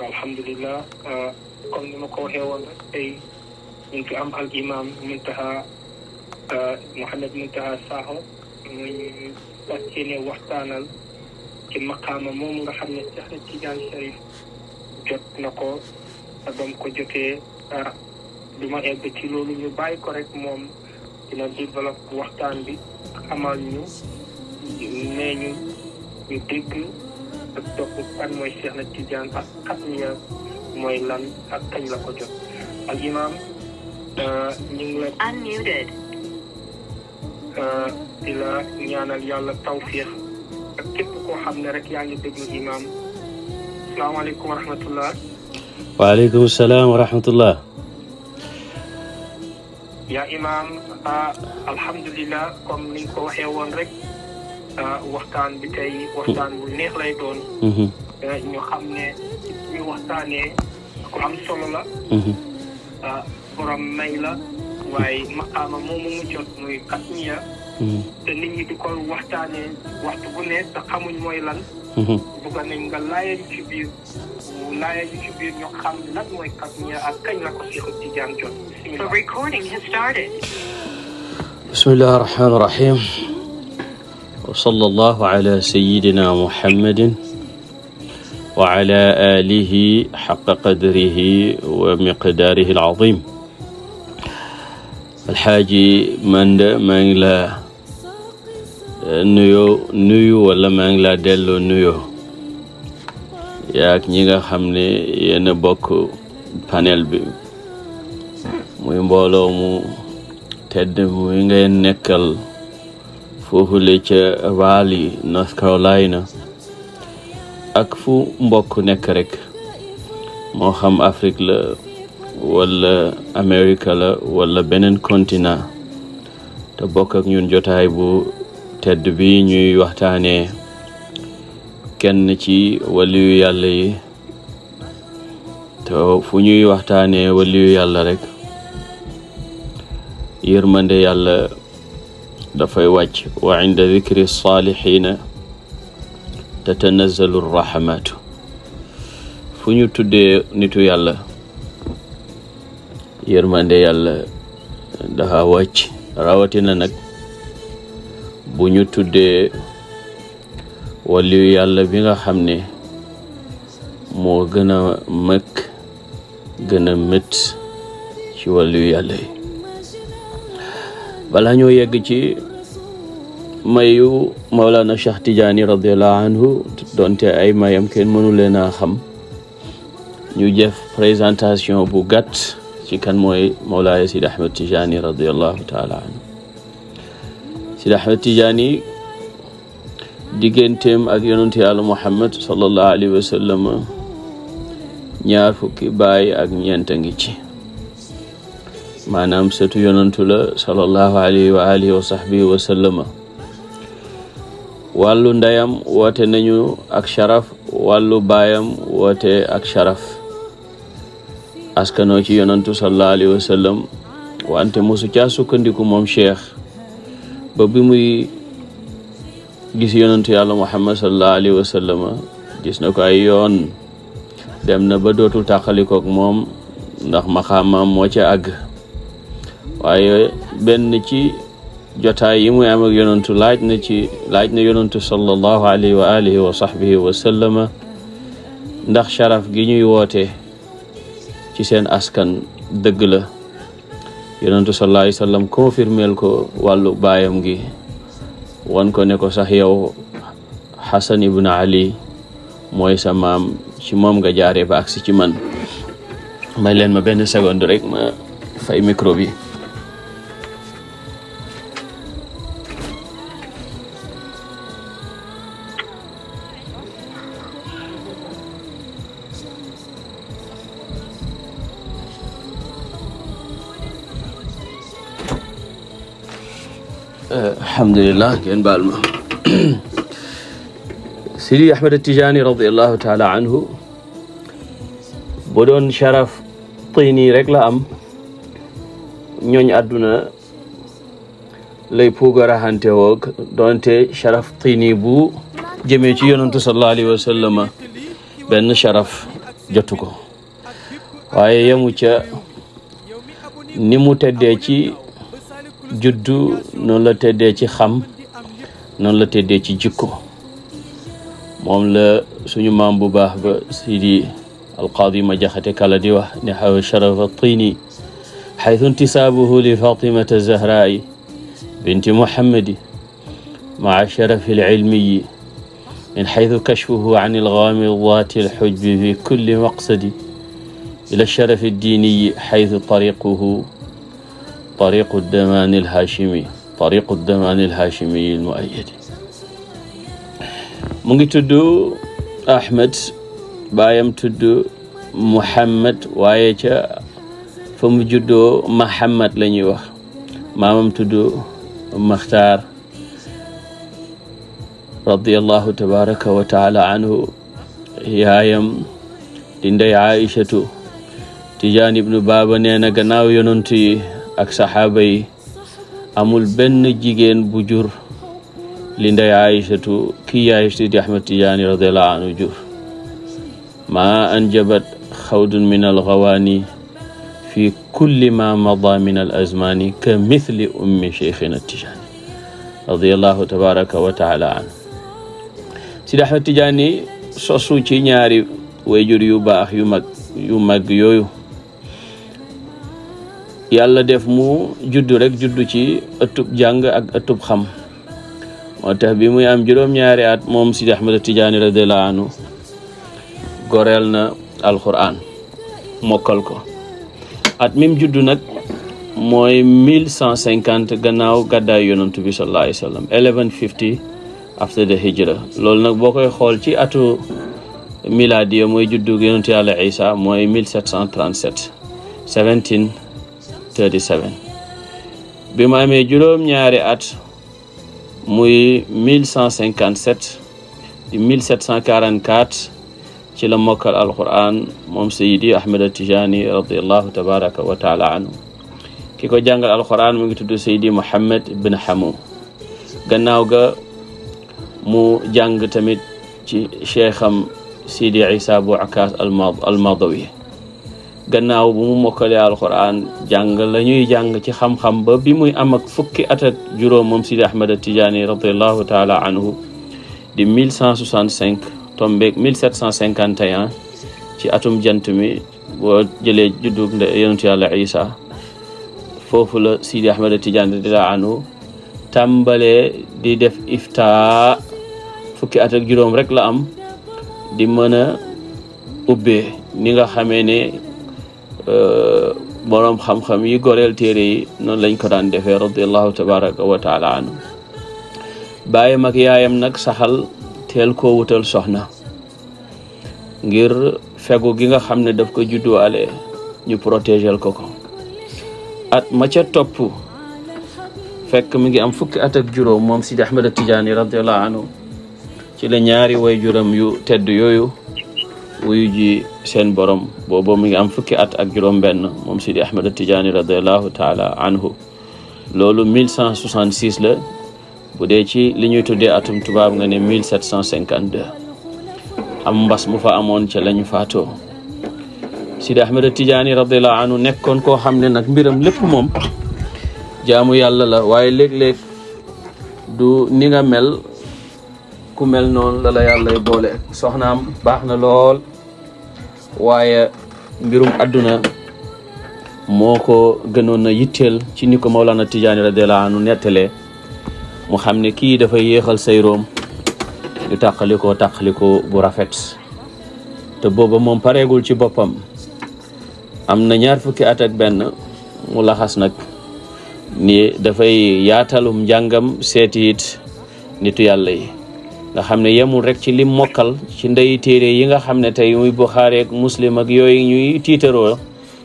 alhamdulilah uh, comme ni ma ko waxee woon rek tey ñu ngi fi am al imam Muntaha uh, Mouhamed Muntaha Sakho muy fas yéene waxtaanal ci maqaama moom nga xam ne Cheikh Tidiane Chérif jot na ko ba mu ko jotee ah, du ma egg ci loolu ñu bàyyi ko rek moom dina développe waxtaan bi amal ñu nee ñu ñu dégg ak topp kan mooy Cheikh na Tidiane ak xat ya mooy lan ak kañ la ko jot al imaam euh, ñu ngi la unmuted euh, di la ñaanal yàlla tawfiix ak képp koo xam ne rek yaa ngi déglu imaam salaamaaleykum wa rahmatullah waaleykum salaam wa rahmatullah yaa imaam ah, alhamdulilah comme ni nga ko waxee woon rek Euh, waxtaan bi tey waxtaan bu neex lay doon. Mhm. Euh, ñu xam ne ñu waxtaanee ku am solo la. Mhm. Euh, borom may la waaye maqaama moomu mu jot muy katmiya. Mhm. te nit ñi di ko waxtaanee waxtu bu ne te xamuñ mooy lan. bëgg nañ nga laajal ci biir laajal ci biir ñu xam lan mooy katmiya ak kañ la ko Seexu Tijaan jot. The recording has started. Bismillahi wa sallallahu ala sayyidina muhammadin wa ala alihi xaqa qadrihi wa miqdaarihi al-aziim alxaaji manda maa ngi la eh, nuyo nuyu wala maa ngi la delloo nuyo yaag ñi nga xam ne yéen a bokk panel bi muy mbooloo mu tedd muy ngay nekkal foofule ca Raleigh North Carolina ak fu mbokk nekk rek moo xam Afrique la wala Amérique la wala beneen continent te bokk ak ñun jotaay bu tedd bi ñuy waxtaanee kenn ci waliyu yàlla yi te fu ñuy waxtaanee waliyu yàlla rek yërmande yàlla dafay wàcc wa inda dikri saalixiina tatanazalu rahamaatu fu ñu tuddee nitu yàlla yërmande yàlla dafa wàcc rawatina nag bu ñu tuddee waliyu yàlla bi nga xam ne moo gën a mëkk gën a mët ci waliyu yàlla balaa ñoo yegg ci mayu Mawlana Cheikh Tidiane radiallahu anhu donte ay mayam kenn mënu leen a xam ñu jëf présentation bu gàtt ci kan mooy Mawlaya Sidi Ahmed Tidiane radiallahu taala anhu Sidi Ahmed Tidiane digganteem ak yonent yàlla Muhammad sallallahu alayhi wa sallam ñaar fukki baay ak ñeenta ngi ci maanaam sëtu yonantu la sallallahu alayhi wa alihi wa sahbihi wa sallama wàllu ndeyam woote nañu ak sharaf wàllu baayam woote ak sharaf askanoo ci yonantu sallallahu alayhi wa sallam wante mosu caa sukkandiku moom cheikh ba bi muy gis yonantu yàlla muhammad sallallahu alayhi wa sallama gis na ko ay yoon dem na ba dootul tàqalikook moom ndax maxaamaam moo ca àgg waaye benn ci jotaay yi muy am ak yonantu laaj na ci laaj na yonantu sallallahu alayhi wa alihi wa sahbihi ndax sharaf gi ñuy woote ci seen askan dëgg la yonantu sallallahu alayhi wa sallam confirmeel ko wàllu baayam gi won ko ne ko sax yow xasan ibn ali mooy sa maam ci moom nga jaaree ba si ci man may leen ma benn seconde ma fay micro bi alhamdulilah ngeen baal ma Sidi Ahmed Tijaani radiallahu taala anhu bu doon sharaf tiini rek la am ñooñ àdduna lay puugarahante woog doonte sharaf tiini bu jëmee ci yonantu sallallahu alayhi sharaf jotu ko yemu ca ni mu teddee juddu noonu la tëddee ci xam noonu la tëddee ci jikko moom la suñu maam bu baax ba sidi alqaadi ma jaxate kala di wax ne xawa sharafa tini xaytu intisaabuhu li fatimata zahraai binti muhammadi maa sharafi alcilmiyi min xaytu kashfuhu an ilgaamidaati alxujbi fi kulli maqsadi ila sharafi diiniyi xaytu tariquhu طريق الدمان الهاشمي طريق الدمان الهاشمي المؤيد mu ngi tudd Ahmed baayam tudd Muhammad waaye ca fa mu juddoo Mahamad la ñuy wax maamam tudd Makhtar radiallahu tabaraka wa taala anhu yaayam di ndey Aïchatu Tijaan ibnu Baaba nee na gannaaw yonent yi ak saxaaba yi amul benn jigéen bu jur li ndey aïchatu kii yaay sidi ahmad tijaani radiallahu anhu jur maa anjabat xawdun min alxawaani fi kulli ma mada min al azmaani ka mithli ummi cheikhina tijaani radiallahu tabaraka wa taala anhu sidi ahmad tijaani sosu ci ñaari wayjur yu baax yu mag yu mag yooyu yàlla def mu judd rek juddu ci ëttub jàng ak ëttub xam moo tax bi muy am juróom-ñaari at moom Sidi Ahmad Tijaani radiyallaahu anhu goreel na alquran mokkal ko at mim juddu nag mooy mille cent cinquante gannaaw gàddaay yonantu bi sallallaahu alayhi wa sallam eleven fifty after loolu nag boo koy xool ci atu milaadiya mooy juddu yonantu yàlla Isa mooy mille sept cent trente sept 37 bi mu amee juróom-ñaari at muy 1157 di 1744 ci la mokkal alquran moom sayidi ahmed tijani radiallahu tabaraka wa taala anhu ki ko mu ngi tudd sayidi mohammed bin hamu gannaaw ga mu jàng tamit ci cheikham sidi isa bu akas almadawi gannaaw bu mu mokkalee alxuraan jàng la ñuy jàng ci xam-xam ba bi muy am ak fukki at ak juróom moom Sidi Ahmed Tidiane radiallahu taala anhu di 1165 tombeeg 1751 ci atum jant mi boo jëlee juddug nde yonentu yàlla Isa foofu la Sidi Ahmed Tidiane radiallahu anhu tàmbalee di def ifta fukki at ak juróom rek la am di mën a ubbee ni nga xamee ne Euh, boroom xam-xam yi goreel téere yi noonu lañ ko daan defee radiallahu tabaraka wa taala anhu baayam ak yaayam nag saxal teel koo wutal soxna ngir fegu gi nga xam ne daf ko judduwaale ñu protégel ko ko at ma topp fekk mi ngi am fukki at ak juróom moom Sidi Ahmed Tidiane radiallahu anhu ci la ñaari way juram yu tedd yooyu wuyu ji seen borom boobu mi ngi am fukki at ak juróom-benn moom Sidi Ahmed Tidiane radiallahu taala anhu loolu 1166 la bu dee ci li ñuy tuddee atum tubaab nga ne 1752 am mbas mu fa amoon ca lañu faatoo Sidi Ahmed Tidiane radiallahu anhu nekkoon koo xam ne nag mbiram lépp moom jaamu yàlla la waaye léeg-léeg du ni nga mel ku mel noonu la la yàlla boole soxnaam baax na lool waaye mbirum àdduna moo ko gënoon a yitteel ci ni ko Mawlana Tijaani radiyallaahu anhu nettalee mu xam ne kii dafay yéexal say room ñu tàqalikoo tàqalikoo bu rafet te booba moom pareegul ci boppam am na ñaar fukki at benn mu laxas nag ni dafay yaatalum njàngam seeti it nitu yàlla yi nga xam ne yemul rek ci lim mokkal ci ndey téere yi nga xam ne tey muy Buxaari ak Muslim ak yooyu ñuy tiitaroo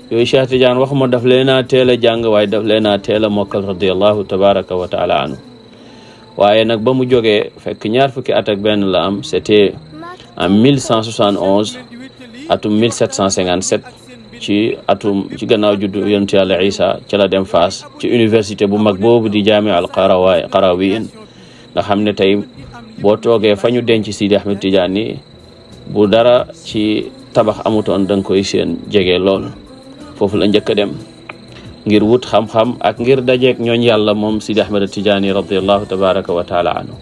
yooyu Cheikh Tidiane waxuma daf leen a teel a jàng waaye daf leen a teel a mokkal radiallahu tabaraka wa taala anhu waaye nag ba mu jógee fekk ñaar fukki at ak benn la am c'était en 1171 atum 1757 ci atum ci gannaaw juddu yontu yàlla Isa ci la dem Faas ci université bu mag boobu di jaami al Qarawiyyin nga xam ne tey boo toogee fa ñu denc Sidi Ahmed Tidiane bu dara ci tabax amutoon da nga koy seen jege lool foofu la njëkk a dem ngir wut xam-xam ak ngir dajeek ñooñ yàlla moom Sidi Ahmed Tidiane radiallahu tabaraka wa taala anhu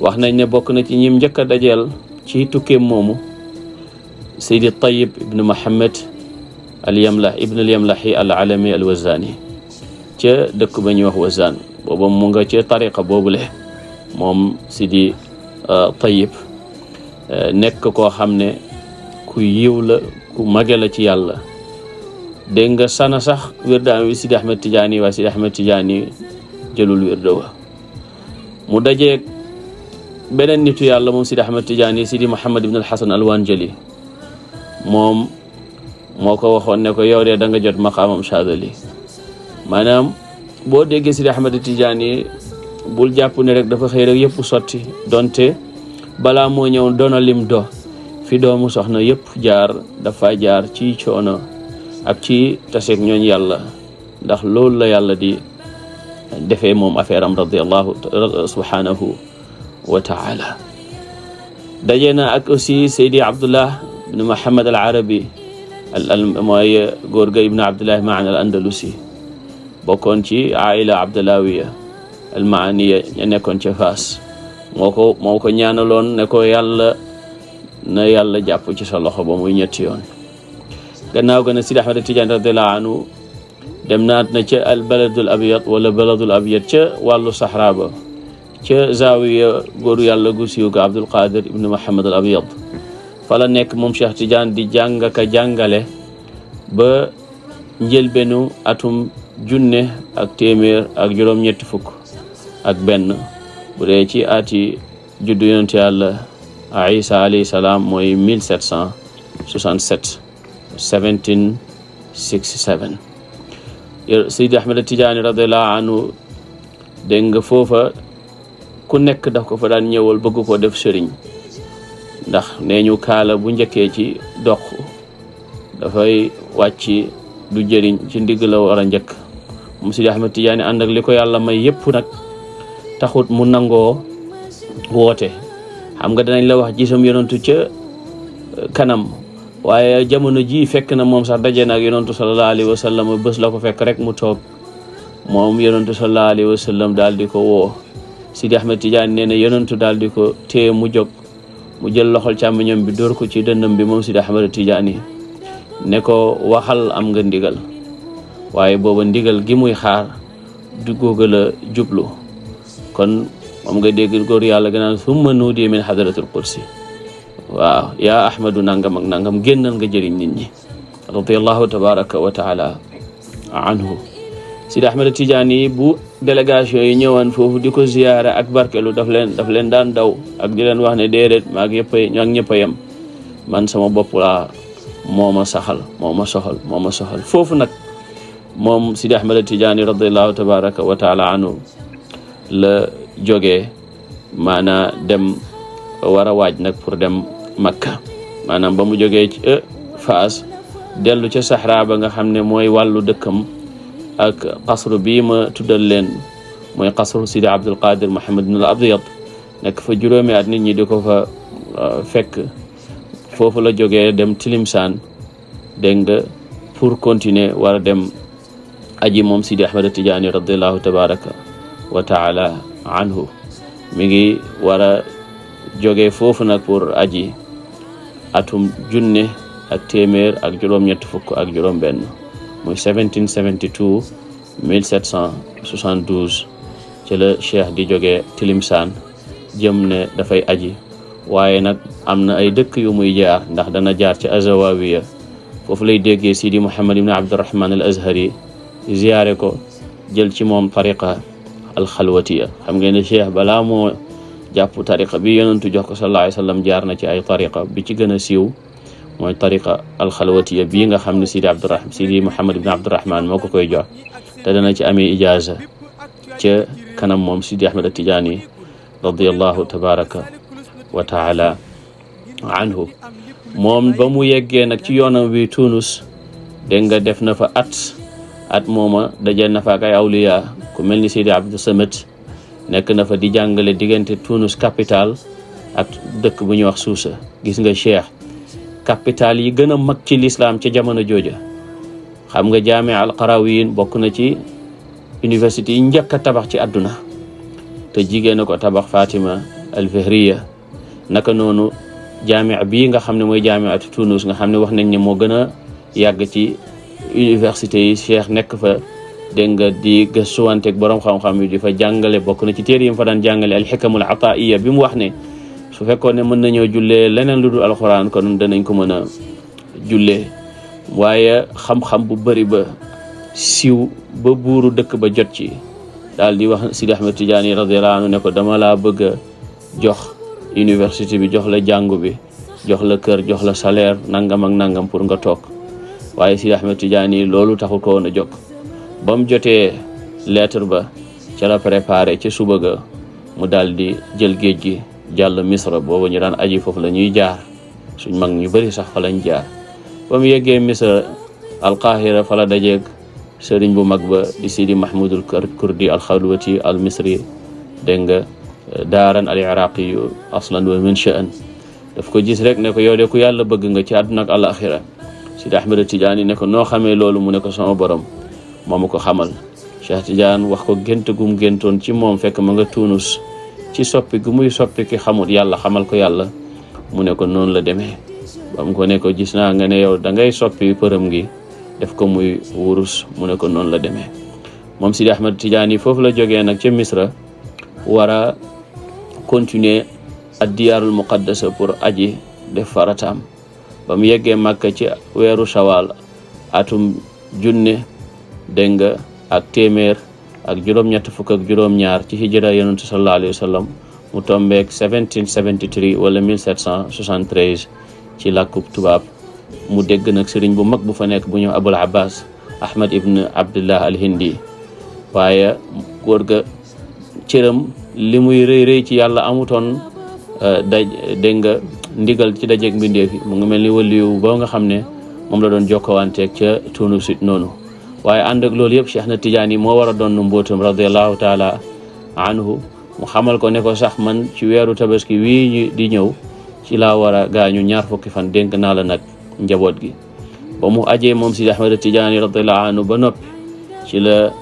wax nañ ne bokk na ci ñim njëkk a dajeel ci tukkeem moomu Seydi Tayib ibn Mohammed al yamlah ibn al yamlahi al alami ca dëkk ba ñuy wax wazan booba mu nga ca tariqa boobule moom Sidi euh, Tayib euh, nekk koo xam ne ku yiw la ku mage la ci yàlla dégg nga sana sax wirdaam wi Sidi Ahmed Tidiane waaye Sidi Ahmed Tidiane jëlul wirda wa mu dajeeg beneen nitu yàlla moom Sidi Ahmed Tidiane Sidi Mouhamed ibn al-Hasan al-Wanjali moom moo ko waxoon ne ko yow de da nga jot maqaamam Chadali maanaam boo déggee Sidi Ahmed Tidiane bul jàpp ne rek dafa xëy rek yëpp sotti donte balaa moo ñëw doona lim do fi doomu soxna yëpp jaar dafa jaar ci coono ak ci taseeg ñooñ yàlla ndax loolu la yàlla di defee moom affaire am radiallahu subhanahu wa taala daje na ak aussi Seydi Abdullah ibn Muhammad al Arabi al góor ga ibn Abdullah maan al Andalusi bokkoon ci aila abdulawiya almaaniya ña nekkoon ca Faas moo ko moo ko ñaanaloon ne ko yàlla na yàlla jàpp ci sa loxo ba muy ñetti yoon gannaaw ga na Sidi Ahmad Tidiane radiallahu anhu dem naat na ca al baladul abyad wala baladul abyad ca wàllu saxraa ba ca zaawiya góoru yàlla gu siiw ga Abdul Qadir ibnu Muhammad al abyad nekk moom Cheikh Tidiane di jàng ka jàngale ba njëlbéenu atum junne ak téeméer ak juróom-ñetti fukk ak benn bu ci ati juddu yonent yàlla isa alayhi salaam mooy mille sept cent soixante sept seventeen sixty seven Tijaani radiallahu anhu dégg nga foofa ku nekk daf ko fa daan ñëwal bëgg koo def sëriñ ndax nee ñu kaala bu njëkkee ci dox dafay wàcc du jëriñ ci ndigg la war njëkk mu Seydi Ahmed Tijaani ànd ak li yàlla may yépp nag taxut mu nangoo woote xam nga danañ la wax gisam yonantu ca uh, kanam waaye jamono ji fekk na moom sax daje na ak yonantu sallallahu alayhi wa sallam bés la ko fekk rek mu toog moom yonantu sallallahu alayhi wa sallam daal di ko woo Sidi Ahmed Tidiane nee na yonantu daal di ko téye mu jóg mu jël loxol càmmiñam bi dóor ko ci dënnam bi moom Sidi Ahmed Tidiane ne ko waxal am nga ndigal waaye booba ndigal gi muy xaar du googa jublu kon moom nga dégg góor yàlla gën naan summa nuudiya min hadratul qudsi waaw yaa ahmadu nangam ak nangam génnal nga jëriñ nit ñi radiallahu tabaraka wa anhu Sidi Ahmed Tidiane bu délégation yi ñëwaan foofu di ko ziyaara ak barkelu daf leen daf leen daan daw ak di leen wax ne déedéet maag ñëpp a yem man sama bopp laa moo ma saxal moo ma soxal moo ma soxal foofu nag moom Sidi Ahmed Tidiane radiallahu tabaraka wa taala anhu la joge maanaa dem war a waaj nag pour dem makka maanaam ba mu jógee ci eh, faas dellu ca saxraa ba nga xam ne mooy wàllu dëkkam ak xasru bii ma tuddal leen mooy xasru sidi abdul qadir mohamad ibnul abyad nekk fa juróomi at nit ñi di ko fa eh, fekk foofu la jógee dem tilimsaan dégg nga pour continuer war a dem aji moom sidi ahmad tijaani radiallahu tabaraka wa taala mi ngi war a jóge foofu nag pour aji atum junne ak téeméer ak juróom-ñett fukk ak juróom-benn muy 1772 1772 ci la cheikh di jóge Tilimsaan jëm ne dafay aji waaye nag am na ay dëkk yu muy jaar ndax dana jaar ci azawawiya foofu lay déggee Sidi Muhammad ibn Abdurrahman al Azhari ziyaare ko jël ci moom tariqa alxalwatiya xam ngeen ne cheikh balaa moo jàpp tariqa bi yonentu jox ko sallallahu alayhi wa jaar na ci ay tariqa bi ci gën a siiw mooy tariqa alxalwatiya bii nga xam ne sidi abdurahman sidi muhammad ibn abdurahman moo ko koy jox te dana ci amee ijaaza ca kanam moom sidi ahmed atijaani radiallahu tabaraka wa taala moom ba mu yeggee ci yoonam wi tunus dégg nga def na fa at at mooma daje na fa ak awliya ku mel ni Seydi Abdou Samad nekk na fa di jàngale diggante Tunis capital ak dëkk bu ñuy wax Suusa gis nga cheikh capital yi gën a mag ci lislaam ci jamono jooja xam nga jaamia al Qarawiyyin bokk na ci université yi njëkk a tabax ci àdduna te jigéen ko tabax Fatima al Fihriya naka noonu jaamia bii nga xam ne mooy jaamiatu Tunis nga xam ne wax nañ ne moo gën a yàgg ci université yi Cheikh nekk fa dégg nga di gëstuwante ak borom xam-xam yi fa jàngale bokk na ci teer yi mu fa daan jàngale alxikamul ataiya bi mu wax ne su fekkoon ne mën nañoo jullee leneen alxuraan kon danañ ko mën a jullee waaye xam-xam bu bëri ba siw ba buuru dëkk ba jot ci daal di wax Sidi Ahmed Tidiane radiyallahu anhu ne ko dama laa bëgg jox université bi jox la jàng bi jox la kër jox la salaire nangam ak nangam pour nga toog waaye Sidi Ahmed Tidiane loolu taxu ko woon a jóg mu jotee lettre ba ca la préparé ca suba ga mu daal di jël géej gi jàll Misra boobu ñu daan aji foofu la ñuy jaar suñ mag ñu bëri sax fa lañ jaar ba mu yeggee Misra alqahira fa dajeeg sëriñ bu mag ba di Sidi Mahmoudul Kurdi alxalwati al misri dégg nga daaran al iraqi aslan wa min sha'an daf ko gis rek ne ko yow de ku yàlla bëgg nga ci àdduna ak alaxira Sidi Ahmada Tidiane ne ko noo xamee loolu mu ne ko sama borom moo ma ko xamal Cheikh Tidiane wax ko gént gum géntoon ci moom fekk ma nga Tuunus ci soppi gu muy soppi ki xamul yàlla xamal ko yàlla mu ne ko noonu la demee ba mu ko gis naa nga ne yow da ngay soppi përëm gi def ko muy wurus mu ne noonu la demee moom Sidi Ahmad Tidiane yi foofu la jógee nag ci Misra war a continuer ak diyaarul muqaddasa pour aji def farataam ba mu yeggee màkka ci weeru sawal atum junne dégg nga ak téeméer ak juróom fukk ak juróom-ñaar ci hijra yonentu sallallahu alayhi wa sallam mu tombeek 1773 wala ci làkkub tubaab mu dégg nag sëriñ bu mag bu fa nekk bu ñu abul abbas ahmad ibn abdullah al hindi waaye góor ga cëram li muy rëy rëy ci yàlla amutoon euh, daj dégg ndigal ci dajeeg mbindeef yi mu ngi mel ni waliyu ba nga xam ne moom la doon jokkawanteeg ca tuunu sit noonu waaye ànd ak loolu yëpp Cheikh na Tidiane yi moo war a doon mbóotam radiallahu taala mu xamal ko ne ko sax man ci weeru tabaski wii di ñëw ci laa war a gaañu ñaar fukki fan dénk naa la nag njaboot gi ba mu ajee moom si Ahmad Tidiane radiallahu anhu ba noppi ci la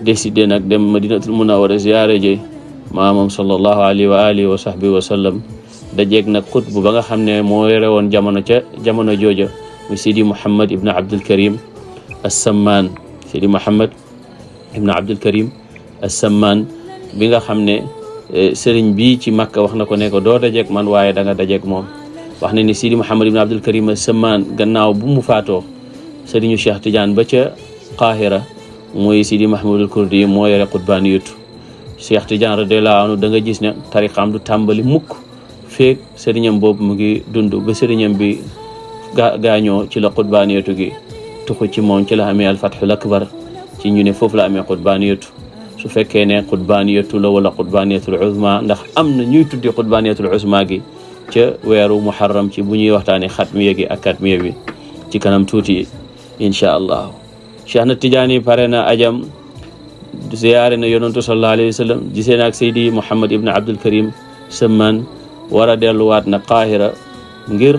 décidé nag dem madinatul munawara ziyaare ji maamam sallallahu alayhi wa alihi wa sahbihi dajeeg nag xutbu ba nga xam ne moo yore woon jamono ca jamono jooja mu sidi Mouhamed ibn Abdul Karim Assamaan sidi Mouhamed ibn Abdul Karim Assamaan bi nga xam ne e, sëriñ bii ci Makka wax na ko ne ko doo dajeeg man waaye da nga dajeeg moom. wax na ni sidi Mouhamed ibn Abdul Karim Assamaan gannaaw bu mu faatoo sëriñu Cheikh tijan ba ca Qahira muy sidi Mahmoudul Kurdi moo yore xutbaan yutu Cheikh Tidiane radiyallaahu anhu da nga gis ne tariqaam du tàmbali mukk. feeg sëriñam boobu mu ngi dund ba sëriñam bi ga gaañoo ci la xutbaaneetu gi tuxu ci moom ci la amee alfatxul akbar ci ñu ne foofu la amee xutbaaneetu su fekkee ne xutbaaneetu la wala xutbaaneetul uzma ndax am na ñuy tuddi xutbaaneetul uzma gi ca weeru muharram ci bu ñuy waxtaane xatmiya gi bi ci kanam tuuti incha allah Cheikh na na ajam ziyaare na yonantu sallallahu alayhi ak Seydi Mouhamed Ibn Abdul Karim war a delluwaat na Qaahira ngir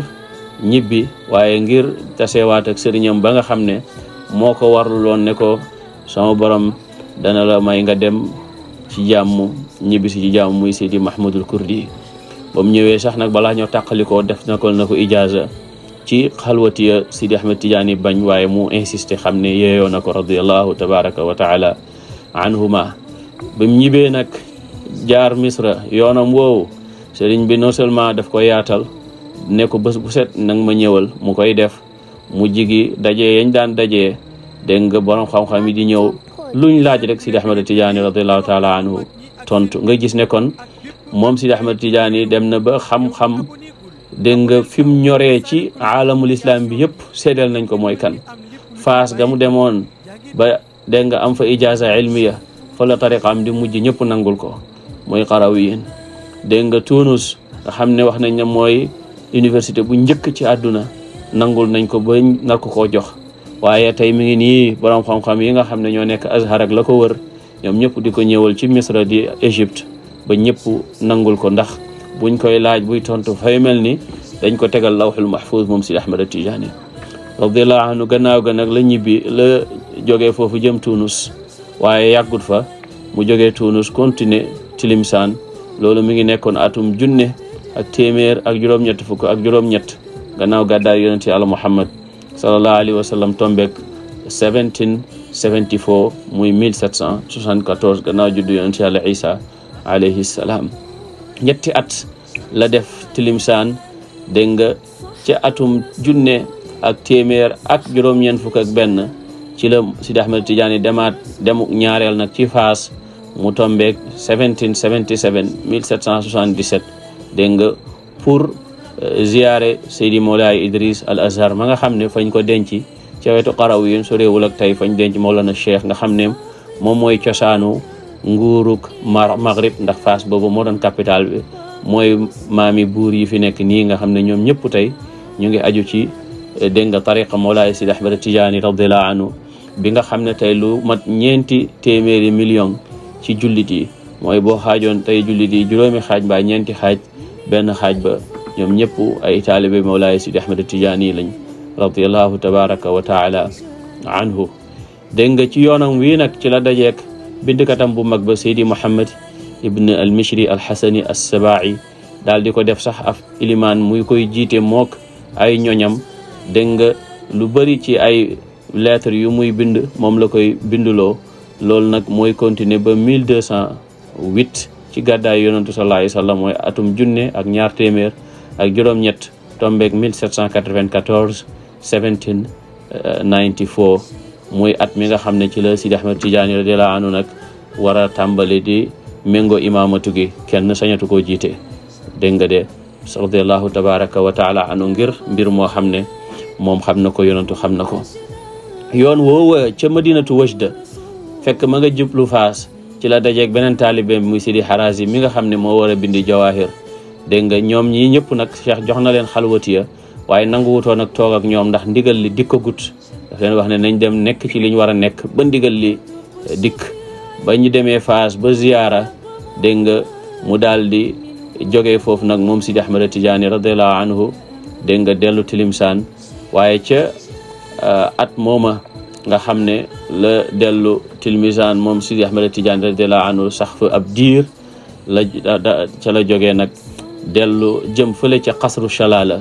ñibbi waaye ngir tasewaat ak sëriñam ba nga xam ne moo ko warlu loon ne ko sama borom dana la may nga dem ci jàmm ñibbi si ci jàmm muy Sidi Mahmoudul Kurdi ba mu ñëwee sax nag balaa ñoo tàqalikoo def na ko na ko ijaaza ci xalwatiya Sidi Ahmed Tidiane bañ waaye mu insisté xam ne yeeyoo na ko radiallahu tabaraka wa taala anhuma ba mu ñibbee nag jaar misra yoonam woowu sëriñ bi no seulement daf ko yaatal ne ko bés bu set nang ma ñëwal mu koy def mu jigi dajee yañ daan dajee dégg nga borom xam-xam yi di ñëw luñ laaj rek Sidi Ahmed Tidiane radiallahu taala anhu tontu nga gis ne kon moom Sidi Ahmed Tidiane dem na ba xam-xam dégg nga fi mu ñoree ci aalamul islam bi yëpp seedeel nañ ko mooy kan fas ga mu demoon ba dégg nga am fa ijaza ilmiya fa la tariqaam di mujj ñëpp nangul ko mooy xaraw yin dégg nga Tunis nga xam ne wax nañ ne mooy université bu njëkk ci àdduna nangul nañ ko ba nakk ko jox waaye tey mi ngi nii borom xam-xam yi nga xam ne ñoo nekk Azhar ak la ko wër ñoom ñëpp di ko ñëwal ci Misra di Égypte ba ñëpp nangul ko ndax buñ koy laaj buy tontu fay mel ni dañ ko tegal lawxul mahfuz moom Sidi Ahmed Tijaani radiallahu anhu gannaaw ga nag la ñibbi la joge foofu jëm Tunis waaye yàggut fa mu jógee Tunis continuer Tilimsaan loolu mi ngi nekkoon atum junne ak téeméer ak juróom-ñett fukk ak juróom-ñett gannaaw gàddaay yonent yàlla Muhammad sallallahu alayhi wa sallam tombeek 1774 muy 1774 gannaaw juddu yonent yàlla Isa alayhi salaam ñetti at la def tilimsaan dégg nga ca atum junne ak téeméer ak juróom-ñeent fukk ak benn ci la Sidi Ahmed Tidiane demaat demuk ñaareel nag ci Faas mu tombeek 1777 1777 dégg nga pour euh, ziyaare Seydi Moulay Idris al Azhar ma nga xam ne fañ ko denc ca wetu xaraw yéen so réewul ak tey fañ denc Mawlana Cheikh nga xam ne moom mooy cosaanu nguuruk mar Maghrib ndax fas boobu moo doon capital bi mooy maami buur yi fi nekk nii nga xam ne ñoom ñëpp tey ñu ngi aju ci euh, dégg nga tariqa Moulay Sidi Ahmed Tijaani radiyallahu anu bi nga xam ne tey lu mat ñeenti téeméeri million ci jullit yi mooy boo xaajoon tey jullit yi juróomi xaaj mbaa ñeenti xaaj benn xaaj ba ñoom ñëpp ay taalibe Mawlaay Sidi Ahmed Tijaani lañ radiallahu tabaraka wa taala anhu dégg nga ci yoonam wii nag ci la dajeek bindkatam bu mag ba Seydi Mouhamed ibn al-Mishri al-Hasani daal di ko def sax af ilimaan muy koy jiite mook ay ñoñam dégg nga lu bari ci ay lettre yu muy bind moom la koy binduloo loolu nag mooy continuer ba mille deux cent huit ci gàddaay yonentu sallallahu alayhi wa mooy atum junne ak ñaar ak juróom-ñett tombeek mille sept cent quatre-vingt-quatorze seventeen ninety four mooy at mi nga xam ne ci la Sidi Ahmed Tidiane radiyallahu anhu nag war a tàmbali di méngoo imaamatu gi kenn sañatu koo jiite dégg nga de radiyallahu tabaraka wa taala anu ngir mbir moo xam ne moom xam na ko yonentu xam na ko yoon woowa ca madinatu wajda fekk ma nga jublu faas ci la dajeeg beneen taalibe bi muy Sidi Harazi mi nga xam ne moo war a bindi Jawahir dégg nga ñoom ñii ñëpp nag seex jox na leen xalwatiya waaye nanguwutoon ak toog ak ñoom ndax ndigal li dikkagut daf leen wax ne nañ dem nekk ci liñ war a nekk ba ndigal li eh, dikk ba ñu demee faas ba ziyaara dégg nga mu daal di jógee foofu nag moom Sidi Ahmada Tijaani radiallahu anhu dégg nga dellu tilimsaan waaye ca eh, at mooma nga xam ne la dellu tilmisaan moom Sidi Ahmed Tidiane radiyallahu anhu sax ab diir la la jógee nag dellu jëm fële ca xasru Chalala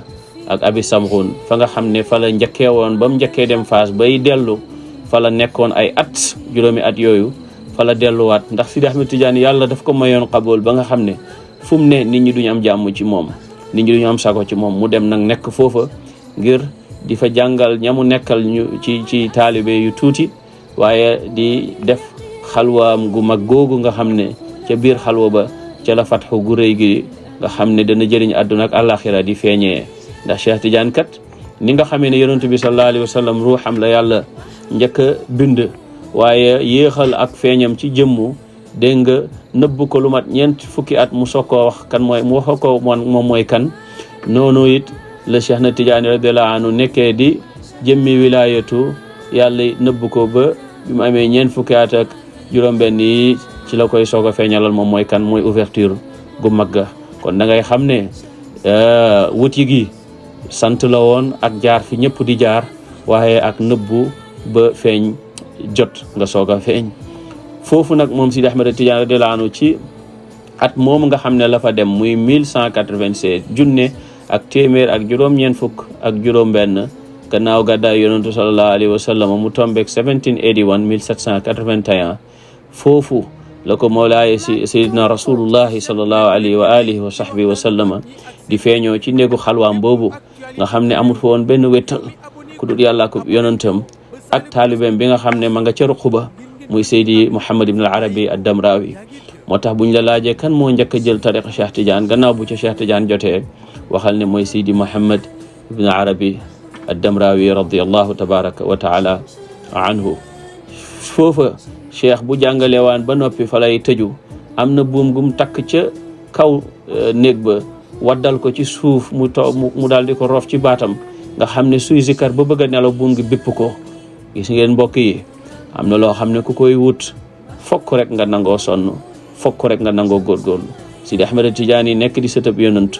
ak abi samxun fa nga xam ne fa la njëkkee woon ba mu njëkkee dem Faas bay dellu fa la nekkoon ay at juróomi at yooyu fa la delluwaat ndax Sidi Ahmed Tidiane yàlla daf ko mayoon kabool ba nga xam ne fu ne nit ñi duñu am jàmm ci moom nit ñi am sago ci moom mu dem nag nekk foofa di fa jàngal ñamu nekkal ñu ci ci taalibe yu tuuti waaye di def xalwaam gu mag googu nga xam ne ca biir xalwa ba ca la fatxu gu rëy gi nga xam ne dana jëriñ àdduna ak di feeñee ndax Cheikh Tidiane kat ni nga xamee ne yonent bi sallallahu alayhi wa sallam ruuxam la yàlla njëkk a bind waaye yéexal ak feeñam ci jëmmu dégg nga nëbb ko lu mat ñeent fukki at mu soog koo wax kan mooy mu wax ko moom mooy kan noonu le Cheikh na Tidiane radiyallahu anhu nekkee di jëmmi wilaayatu yàlla nëbbu ko ba mu amee ñeent fukki at ak juróom-benn ci la koy soog a feeñalal moom mooy kan mooy ouverture gu mag ga kon da ngay xam ne euh, wuti gi sant la woon ak jaar fi ñëpp di jaar waaye ak nëbbu ba feeñ jot nga soog a feeñ foofu nag moom Sidi Ahmed de la anhu ci at moom nga xam ne la fa dem muy mille cent quatre-vingt-seize ak téeméer ak juróom-ñeent fukk ak juróom-benn gannaaw gàddaay yonentu sallallahu alayhi wa sallam mu tombeek 1781 1781 foofu la ko moolaaye si sayidna rasulullahi sallallahu alayhi wa alihi wa sahbihi wa di feeñoo ci néegu xalwaam boobu nga xam ne amul fa woon benn wéttal ku dul yàlla ko yonentam ak taalibeem bi nga xam ne ma nga ca ruqu muy saydi muhammad ibn al arabi ad damrawi moo tax buñ la laajee kan moo njëkk a jël tariqa Cheikh Tidiane gannaaw bu ca Cheikh Tidiane jotee waxal ne mooy Sidi Mouhamed ibn Arabi ad-Damrawi radiyallahu tabaraka wa taala anhu foofa cheikh bu jàngalewaan ba noppi falay lay am na buum gum takk ca kaw euh, néeg ba waddal ko ci suuf mu to mu daal di ko rof ci baatam nga xam ne suy zikar ba bëgg a nelaw buum gi bépp ko gis ngeen mbokk yi am na loo xam ne ku koy wut fokk rek nga nangoo sonn fokk rek nga nangoo góorgóorlu Sidi Ahmed Tidiane yi nekk di sëtëb yonant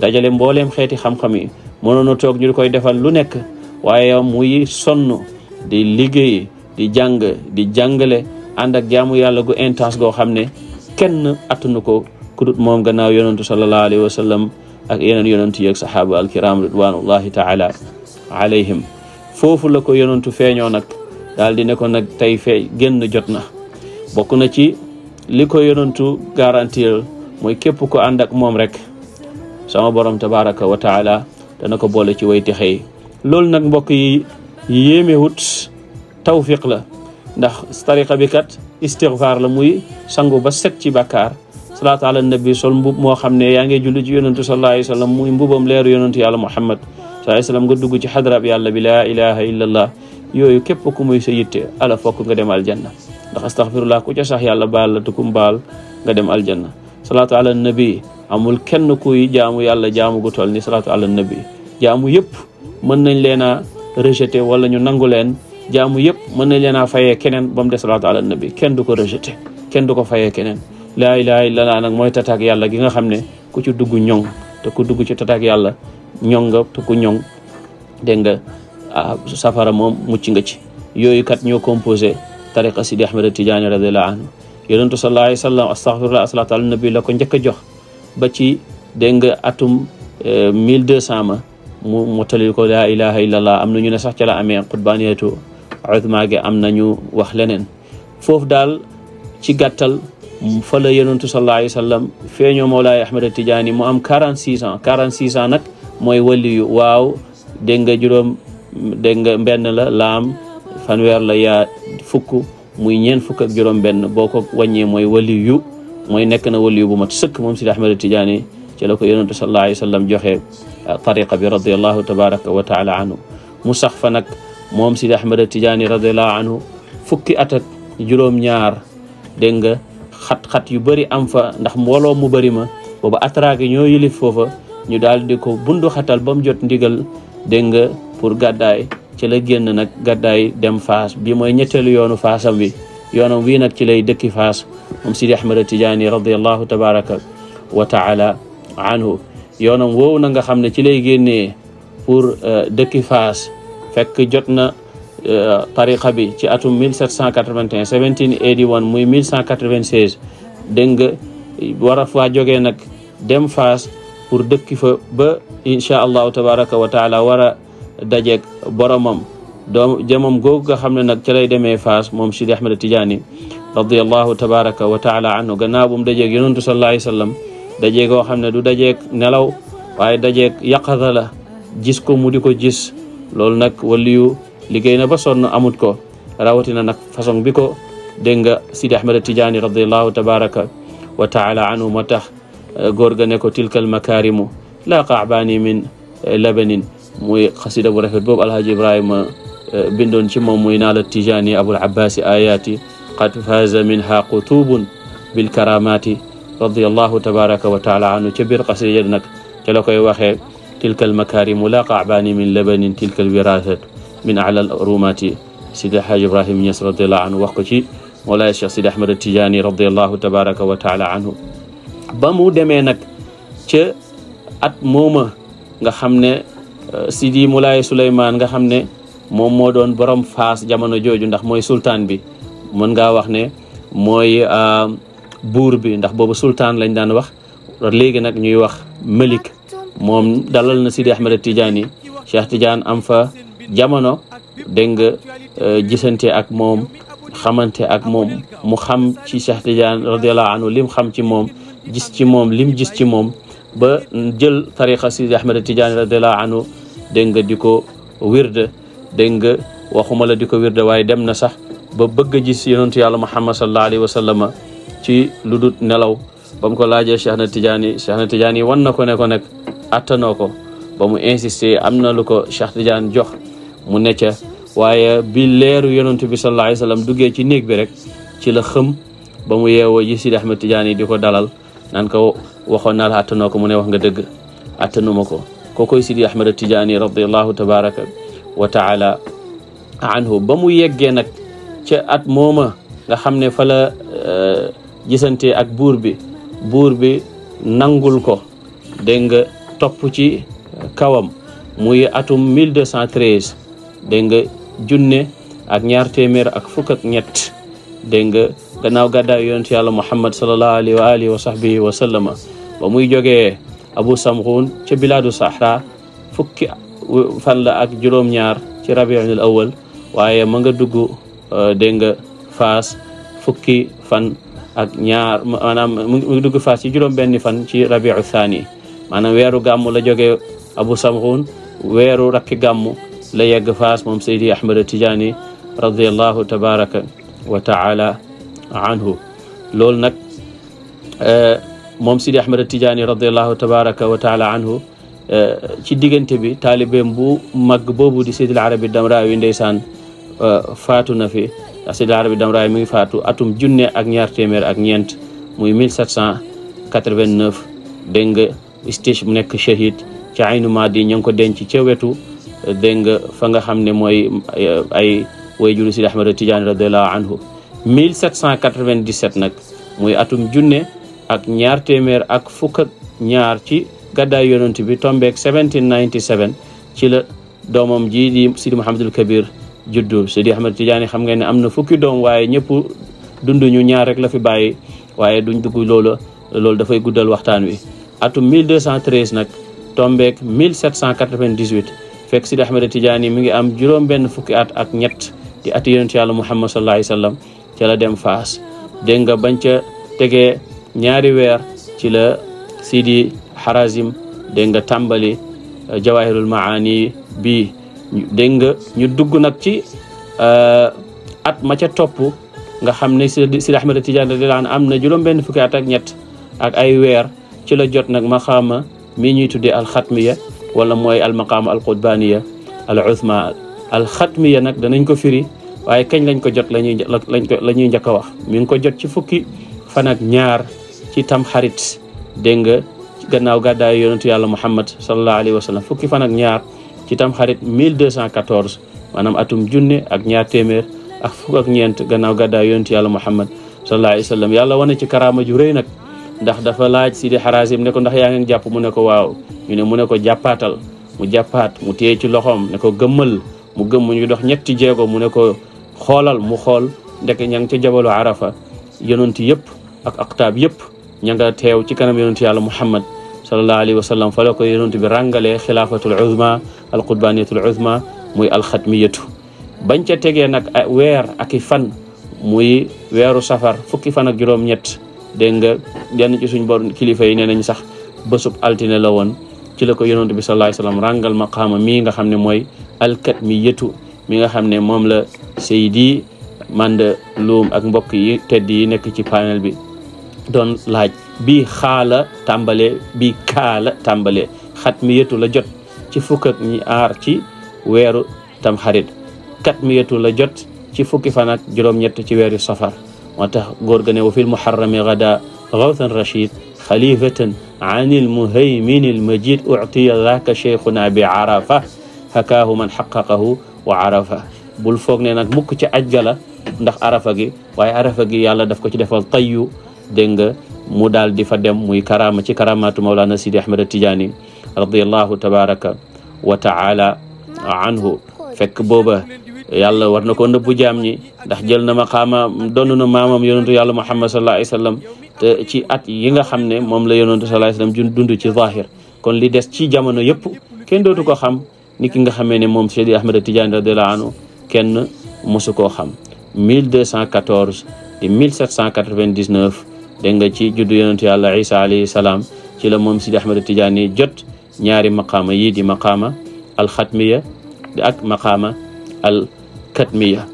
dajale mbooleem xeeti xam-xam yi mënoon toog ñu koy defan lu nekk waaye muy sonn di liggéey di jàng di jàngale ànd ak jaamu yàlla go intense goo xam ne kenn attanu ko ku dut moom gannaaw yonantu sallallahu alayhi wa sallam ak yeneen yonantu yeeg saxaaba alkiram ridwanullahi taala alayhim foofu la ko yonantu feeñoo nag daal di ne ko nag tey fee génn jot na bokk li ko yonantu garantir mooy képp ko ànd ak moom rek sama borom tabaraka wa taala dana ko boole ci way texe yi loolu nag mbokk yi yéemewut tawfiq la ndax tariqa bi kat istighfar la muy sangu ba set ci bàkkaar salaatu ala nabi sol mbub moo xam ne yaa ngi julli ci yonantu sallallahu alayhi wa mu muy mbubam leeru yonantu yàlla muhammad sallallahu alayhi wa sallam nga dugg ci xadrab yàlla bi laa ilaha illa yooyu képp ku muy sa yitte ala fokk nga dem aljanna ndax astaghfirullah ku ca sax yàlla baal la tukum baal nga dem aljanna salaatu ala nabi amul kenn kuy jaamu yàlla jaamu gu toll ni salaatu ala nabi jaamu yëpp mën nañ leen a rejeté wala ñu nangu leen jaamu yëpp mën nañ leen a fayee keneen ba mu des salaatu ala nabi kenn du ko rejeté kenn du ko fayee keneen laa ilaha illa laa nag mooy tataak yàlla gi nga xam ne ku ci dugg ñoŋ te ku dugg ci tataak yàlla ñoŋ nga te ku nga ah safara moom mucc nga ci yooyu kat ñoo composé tariqa Sidi Ahmed Tidiane radiallahu anhu yonentu a jox ba ci dégg nga atum eh, mille deux cent ma mu motalil ko laa ilaha illallah am na ñu ne sax ca la amee qutbaniyatu uzma gi am nañu wax leneen foofu daal ci gàttal fa la yonentu sallallahu alayhi wa sallam feeñoo Mawlaay Ahmed Tidiane mu am quarante six ans quarante six ans nag mooy waliyu waaw dégg juróom dégg nga benn la laam fanweer la yaa fukk muy ñeen fukk ak juróom benn boo ko wàññee mooy wali mooy nekk na wali bu mat sëkk moom Sidi Ahmed Tidiane ci la ko yonente sallallahu alayhi wa sallam joxe eh, tariqa bi radiallahu tabaraka wa anhu mu sax fa nag moom Sidi Ahmed Tidiane radiallahu anhu fukki at ak juróom-ñaar dégg nga xat-xat yu bari am fa ndax mbooloo mu bari ma booba atraque ñoo yilif foofa ñu daal di ko bundu xatal ba mu jot ndigal pour gàddaay ci la génn nag gàddaay dem faas bi mooy ñetteelu yoonu faasam wi yoonam wii nag ci lay dëkki faas moom sidi ahmad tijaani radiallahu tabaraka wa taala anhu yoonam woowu na nga xam ne ci lay génnee pour euh, dëkki faas fekk jot na euh, tariqa bi ci atum 1781 1781 muy 1196 dégg nga war a faa jógee nag dem faas pour dëkki fa ba incha allahu tabaraka wa taala war dajeeg boromam doom jëmam googu nga xam ne nag ca lay demee faas moom Sidi Ahmed Tidiane radiallahu tabaraka wa taala anhu gannaaw bu mu dajeeg yonentu sallallahu alayhi wa sallam dajee goo xam ne du dajeeg nelaw waaye dajeeg yaqata la gis ko mu di ko gis loolu nag waliyu liggéey na ba sonn amut ko rawatina nag façon bi ko dégg nga Sidi Ahmed Tidiane radiallahu tabaraka wa taala anhu moo tax eh, góor ga ne ko laa qaabaani min labanin muy xasida bu rafet boobu alhaji ibrahima eh, bindoon ci moom muy naala tijaani abul abbaasi ayaati qad faaza minha qutubun bil karamati radiallahu tabaraka wa taala anhu ca biir xasida nag ca la koy waxee tilka al makaarimu la qaabaani min labanin tilka al wirasat min ala al rumati sidi alhaji ibrahima ñas radiallahu anhu wax ko ci moolaay cheikh sidi ahmad tijaani radiallahu tabaraka wa taala anhu ba mu demee nag ca at mooma nga xam ne Euh, Sidi Moulay Souleymane nga xam ne moom moo doon borom faas jamono jooju ndax mooy sultaan bi mën ngaa wax ne mooy euh, buur bi ndax boobu sultaan lañ daan wax léegi nag ñuy wax Malik moom dalal na Sidi Ahmed Tidiane Cheikh Tidiane am fa jamono dégg nga euh, gisante ak moom xamante ak moom mu xam ci Cheikh Tidiane radiallahu anhu lim xam ci moom gis ci moom lim gis ci moom ba jël tariqa Sidi Ahmed Tidiane radiallahu anhu dégg nga di ko wirde dégg nga waxuma la di ko wirde waaye dem na sax ba bëgg a gis yonentu yàlla muhammad sallallahu alayhi wa sallama ci lu dut nelaw ba mu ko laajee Cheikh na Tidiane Cheikh na Tidiane yi wan na ko ne ko nekk attanoo ko ba mu insisté am na lu ko Cheikh Tidiane jox mu ne waaye bi leeru yonentu bi sallallahu alayhi wa duggee ci néeg bi rek ci la xëm ba mu yeewoo ji Sidi Ahmed Tidiane yi di ko dalal naan ko waxoon naa la attanoo ko mu ne wax nga dëgg attanuma ko kookoy Sidi Ahmad Tijaani radiallahu tabaraka wa taala anhu ba mu yeggee nag ca at mooma nga xam ne fala la euh, gisante ak buur bi buur bi nangul ko dégg nga topp ci kawam muy atum 1213 dégg nga junne ak ñaar téeméer ak fukk ak ñett dégg nga gannaaw gàddaay yonent yàlla Muhammad sallallahu alayhi abu samxuun ca bilaadu sahra fukki fan la ak juróom-ñaar ci rabiul awal waaye ma nga dugg euh, dégg nga faas fukki fan ak ñaar maanaam mu ngi dugg faas ci juróom benni fan ci rabiu thani maanaam weeru gàmmu la joge abu samxuun weeru rakki gàmmu la yegg fas moom seydi ahmad tijaani radiallahu tabaraka wa taala anhu loolu nag euh, moom Sidi Ahmed Tidiane radiallahu tabaraka wa taala anhu eh, ci diggante bi taalibeem bu mag boobu di Seydil Arabi Damraawi ndeysaan eh, faatu na fi Seydil Arabi Damraawi mu ngi faatu atum junne ak ñaar téeméer ak ñeent muy 1789 dégg nga stage mu nekk shahid ci aynu maadi ñu ngi ko denc ca wetu dégg nga fa nga xam ne mooy eh, ay way juru Sidi Ahmed Tidiane radiallahu anhu 1797 nag muy atum junne ak ñaar téeméer ak fukk ak ñaar ci gàddaay yonent bi tombeek 1797 ci la doomam ji di Sidi Mouhamadul Kabir juddu Sidi Ahmed Tidiane xam ngeen ne am na fukki doom waaye ñëpp dunduñu ñaar rek la fi bàyyi waaye duñ dugg loola loolu dafay guddal waxtaan wi atum 1213 nag tombeek 1798 fekk Sidi Ahmed Tidiane mi ngi am juróom benn fukki at ak ñett di ati yonent yàlla Muhammad sallallahu alayhi wasallam ca la dem Faas dégg nga bañ ca tegee ñaari weer ci la Sidi Harazim dégg nga tàmbali euh, jawahirul maani bi dégg nga ñu dugg nag ci euh, at ma topp nga xam ne Sidi Ahmed Tidiane radiyallahu anhu am na juróom benn fukki at ak ñett ay weer ci la jot nag maqaama mi ñuy tuddee alxatmiya wala mooy almaqaama alqutbaniya al uthma alxatmiya nag danañ ko firi waaye kañ lañ ko jot lañuy la ñuy la ñuy njëkk a wax mi ngi ko jot ci fukki fan ak ñaar ci tamxarit dégg nga gannaaw gàddaay yonentu yàlla muhammad sallallahu alayhi wa sallam fukki fan ak ñaar ci tamxarit 1214 maanaam atum junne ak ñaar téeméer ak fukk ak ñeent gannaaw gàddaay yonentu yàlla muhammad sallallahu alayhi wa sallam yàlla wane ci karaama ju rëy nag ndax dafa laaj Sidi Harazim ne ko ndax yaa ngi jàpp mu ne ko waaw ñu ne mu ne ko jàppaatal mu jàppaat mu téye ci loxoom ne ko gëmmal mu gëm mu ñu dox jéego mu ne ko xoolal mu xool ndeke ña ngi ca jabalu arafa yonent yëpp ak aqtaab yëpp ña nga teew ci kanam yonentu yàlla muhammad sallallahu alayhi wa sallam fa la ko yonent bi ràngalee xilaafatul uzma al qutbaniyatul uzma muy alxatmiyatu bañ ca tegee nag weer ak i fan muy weeru safar fukki fan ak juróom-ñett dégg nga yenn ci suñ bor kilifa yi nee nañ sax bésub altine la woon ci la ko yonent bi sallallahu alayhi wa sallam ràngal maqaama mii nga xam ne mooy alxatmiyatu mi nga xam ne moom la Seydi Mande Loum ak mbokk yi tedd yi nekk ci panel bi doon laaj bii xaala tàmbalee bii kaala tàmbalee xatmiyatu la jot ci fukk aar ci weeru tamxarit katmiyatu la jot ci fukki fan ak juróom ci weeru safar moo tax góor ga ne wa fil muharrami gada gawtan rachid xalifatan an il muhaymin il majid uctiya zaaka cheikhuna bi arafa ci defal tayyu dégg nga mu daal di fa dem muy karaama ci karamatu ma karaamaatu Mawlana Sidi Ahmed Tidiane radiyallahu tabaraka wa taala anhu fekk booba yàlla war na ko nëbbu jaam ni ndax jël na maqaama donn na maamam yonentu yàlla Muhammad sallallahu alayhi wa sallam te ci at yi nga xam ne moom la yonentu sallallahu alayhi wa sallam dund ci zahir kon li des ci jamono yëpp kenn dootu ko xam ni ki nga xamee ne moom Sidi Ahmed Tidiane radiyallahu anhu kenn mosu koo xam 1214 di 1799 dégg nga ci juddu yonentu yàlla isa alayhi salaam ci la moom Sidi Ahmad Tijaani jot ñaari maqaama yii di maqaama alxatmiya ak maqaama alkatmiya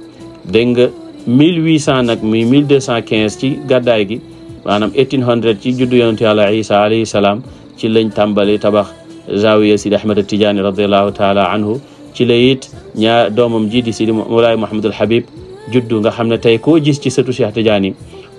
dégg nga mille huit cent nag muy mille deux cent quinze ci gàddaay gi maanaam eighteen hundred ci juddu yonentu yàlla isa alayhi salaam ci lañ tàmbali tabax zawiya Sidi Ahmad Tijaani radiallahu taala anhu ci la it ñaar doomam ji di Sidi Moulaay Mouhamadul Habib juddu nga xam ne tey koo gis ci sëtu Cheikh Tijaani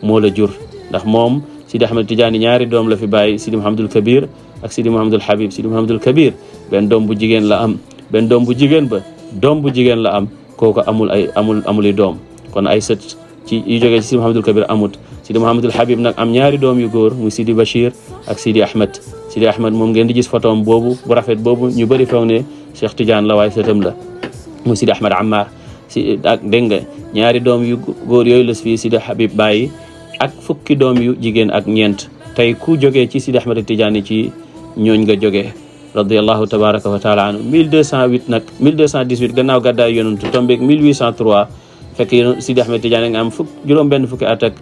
moo la jur ndax moom Sidi Ahmed Tidiane ñaari doom la fi bàyyi Sidi Mouhamadul Kabir ak Sidi Mouhamadul Habib Sidi Mouhamadul Kabir benn doom bu jigéen la am benn doom bu jigéen ba doom bu jigéen la am kooku amul ay amul amuli doom kon ay sët ci yu jógee ci Sidi Mouhamadul Kabir amut Sidi Mouhamadul Habib nag am ñaari doom yu góor mu Sidi Bachir ak Sidi Ahmed Sidi Ahmed moom ngeen di gis photoom boobu bu rafet boobu ñu bëri foog ne Cheikh la waaye sëtam la mu Sidi Ahmed Ammar si ak dégg nga ñaari doom yu góor yooyu la fi Sidi Habib bàyyi ak fukki doom yu jigéen ak ñeent tey ku jógee ci Sidi Ahmed Tidiane ci ñooñ nga jógee radiallahu tabaraka wa taala anhu 1208 nag 1218 gannaaw gàddaay yonantu tombeeg 1803 fekk yéen Sidi Ahmed Tidiane nga am fukk benn fukki at ak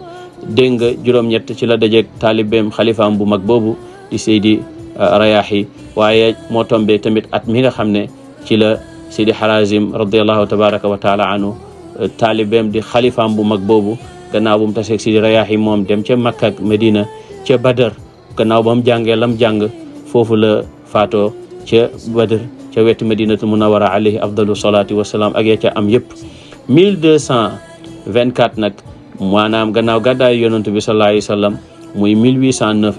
dégg nga juróom-ñett ci la dajeeg taalibeem xalifaam bu mag boobu di Seydi uh, Rayaahi waaye moo tombe tamit at mi nga xam ne ci la Seydi Harazim radiallahu tabaraka wa taala anhu uh, di xalifaam bu mag boobu gannaaw bu mu taseeg si rayaax moom dem cee Makka ak Medina ca Badar gannaaw ba mu jàngee lam jàng foofu la faatoo ca Badar ca wetu Medinatu Munawara alayhi afdalu salaati wasalaam ak ya ca am yëpp 1224 nag maanaam gannaaw gàddaayu yonantu bi sallallahu alayhi wasallam muy 1809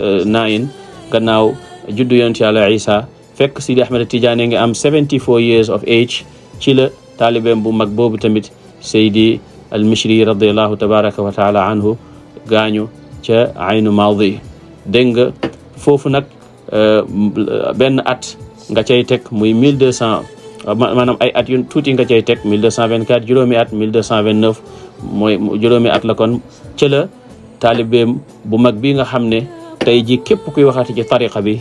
1809 gannaaw juddu yonent yàlla Isa fekk Sidi Ahmed Tidiane nga am 74 years of age ci la taalibeem bu mag boobu tamit Seydi almishri radiallahu tabaraka wa taala gaañu ca aynu maadi nga foofu nag euh, benn at nga cay teg muy mille deux cent maanaam ay at yu tuuti nga cay teg mille deux cent vingt quatre juróomi at mille deux cent vingt mooy juróomi at la kon ca la taalibeem bu mag bii nga xam ne tey ji képp kuy waxati ci tariqa bi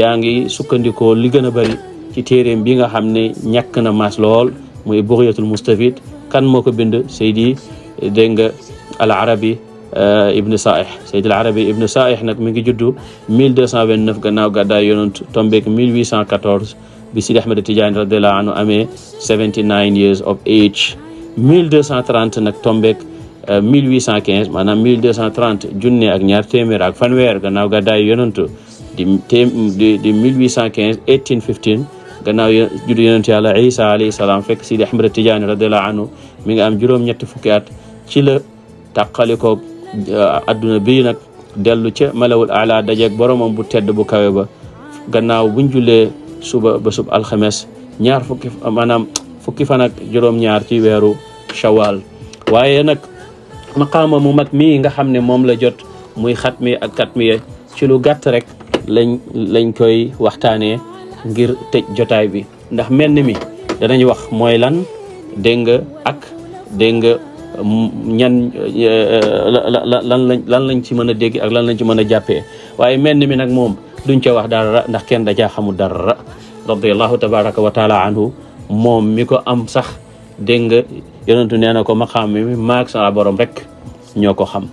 yaa ngi sukkandikoo li gën a bëri ci téeréem bi nga xam ne ñàkk na maas lool muy bughyatul mustafid kan moo ko bind saydi dégg nga al arabi ibnu saaih saydi al arabi ibnu saaih nag mi ngi juddu 1229 gannaaw gàddaay yonent tombeek 1814 bi Sidi Ahmed Tidiane radiallahu anhu amee 79 years of age 1230 nag tombeek 1815 euh, maanaam 1230 junne ak ñaar téeméer ak fanweer gannaaw gàddaay yonent di di di 1815 gannaaw juddu yonent yàlla isa alayhi salaam fekk sidi ahmad tijaani radiallahu anhu mi ngi am juróom-ñetti fukki at ci la tàqalikoo uh, adduna bii nag dellu ca malawul ala dajeeg boromam bu tedd bu kawe ba gannaaw buñ jullee suba ba sub alxemes ñaar fukki maanaam fan ak juróom-ñaar ci weeru shawal waaye nag maqaama mu mag mii nga xam ne moom la jot muy xat mi ak kat mi ci lu gàtt rek lañ koy waxtaanee ngir tëj jotaay bi ndax mel ni mi danañ wax mooy lan dégg nga ak dégg nga mm, ñan eh, lan lañ lan lañ ci mën a dégg ak lan lañ ci mën a jàppee waaye mel ni mi nag moom duñ ca wax dara ndax kenn da caa xamul dara radiallahu tabaraka wa taala anhu moom mi ko am sax dégg nga yonentu nee na ko maqaam mi maag sama borom rek ñoo ko xam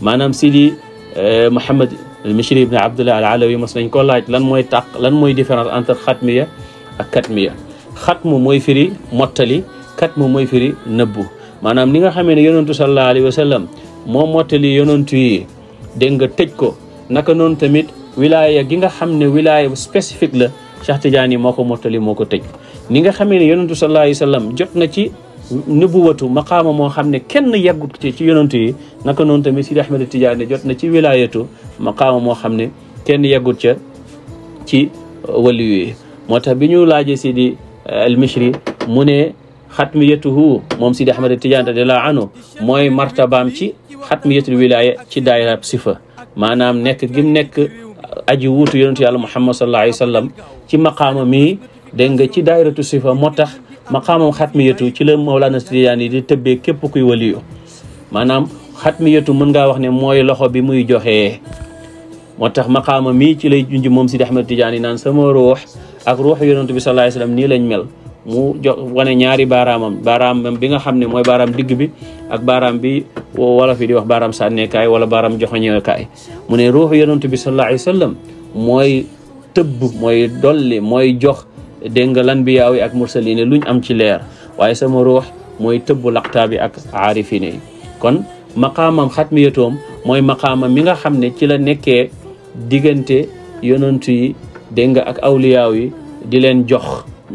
maanaam Sidi eh, Muhammad al-Mishri ibn Abdullah al-Alawi mos nañ koo laaj lan mooy tàq lan mooy différence entre xatmiya ak katmiya mooy firi mottali katmu mooy firi nëbbu maanaam ni nga xamee ne yonantu sallallahu alayhi wa sallam moo mottali yonantu yi dégg nga tëj ko naka noonu tamit wilaya gi nga xam ne wilaya bu spécifique la Cheikh Tidiane yi moo ko mottali moo ko tëj ni nga xamee ne yonantu sallallahu alayhi jot na ci nubuwatu maqaama moo xam ne kenn yeggut ci ci yonantu yi naka noonu tamit Sidi Ahmed Tidiane jot na ci wilaayatu maqaama moo xam ne kenn yeggut ca ci uh, waliyu yi moo tax bi ñu laajee Sidi uh, al-Mishri mu ne xatmiyatuhu moom Sidi Ahmed Tidiane radiyallahu anhu mooy martabaam ci xatmiyatul wilaaya ci daayira sifa maanaam nekk gim nekk uh, aji wuutu yonantu yàlla Muhammad sallallahu alayhi wa sallam ci maqaama mii dégg ci daayiratu sifa moo xat maqaamam xatmiyatu ci la Mawlana Tijaani di tëbbee képp kuy waliyu maanaam xatmiyatu mën ngaa wax ne mooy loxo bi muy joxe moo tax maqaama mii ci lay junj moom Sidi Ahmed Tijaani naan sama ruux ak ruux yonantu bi sallallahu alayhi wasallam nii lañ mel mu jox wane ñaari baaraamam baaraam bi nga xam ne mooy baaraam digg bi ak baaraam bi wala fi di wax baaraam sànneekaay wala baaraam joxoñeekaay mu ne ruuxu yonantu bi sallallahu alayhi wasallam mooy tëbb mooy dolli mooy jox dégg nga lan bi yaaw yi ak mursalin luñ am ci leer waaye sama ruux mooy tëbbu laqtaa bi ak aarifine kon kon xat xatmiyatoom mooy maqaamam mi nga xam ne ci la nekkee diggante yonantu yi dégg nga ak awliyaaw yi di leen jox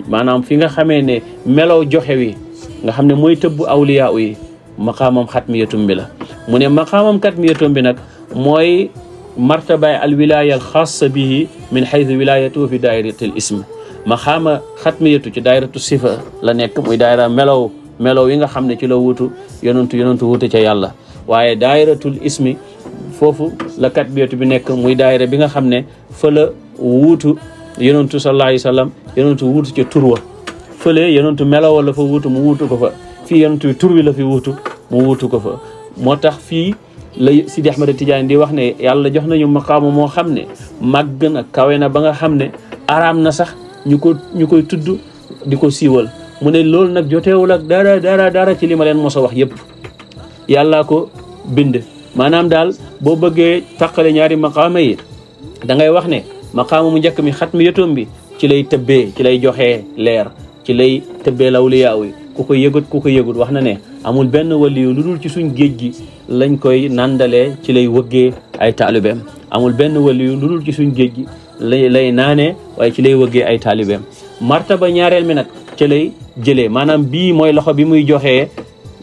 maanaam fi nga xamee ne melow joxe wi nga xam ne mooy tëbbu awliyaaw yi xat xatmiyatum bi la mu ne kat xatmiyatum bi nag mooy martabaay al wilaaya al xaasa bihi min xaytu wilaayatuhu fi dairatil ism maxaama xatmiyatu ci daayiratu sifa la nekk muy daayira melow melow yi nga xam ne ci la wutu yonentu yonentu wuute ca yàlla waaye daayiratul ismi foofu la katmiyatu bi nekk muy daayira bi nga xam ne fa la wuutu yonentu sallallahu alayhi wa sallam yonentu wuutu ca wa fële yonentu melow la fa wuutu mu wuutu ko fa fii yonentu tur wi la fi wuutu mu wuutu ko fa moo tax fii la Sidi Ahmed Tidiane di wax ne yàlla jox nañu maqaamu moo xam ne mag na kawe na ba nga xam ne araam na sax ñu ko ñu koy tudd di ko siiwal mu ne loolu nag jotewul ak dara dara dara ci li ma leen mos wax yépp yàllaa ko bind maanaam daal boo bëggee taqale ñaari maqaama yi da ngay wax ne maqaama mu njëkk mi xat mi yëtoom bi ci lay tëbbee ci lay joxe leer ci lay tëbbee lawliyaaw yi ku ko yëgut ku ko yëgut wax na ne amul benn waliyu lu dul ci suñ géej gi lañ koy nàndale ci lay wëgge ay taalibeem amul benn waliyu lu dul ci suñ géej gi lay lay naanee waaye ci lay wëggee ay taalibeem martaba ñaareel mi nag ci lay jëlee maanaam bii mooy loxo bi muy joxee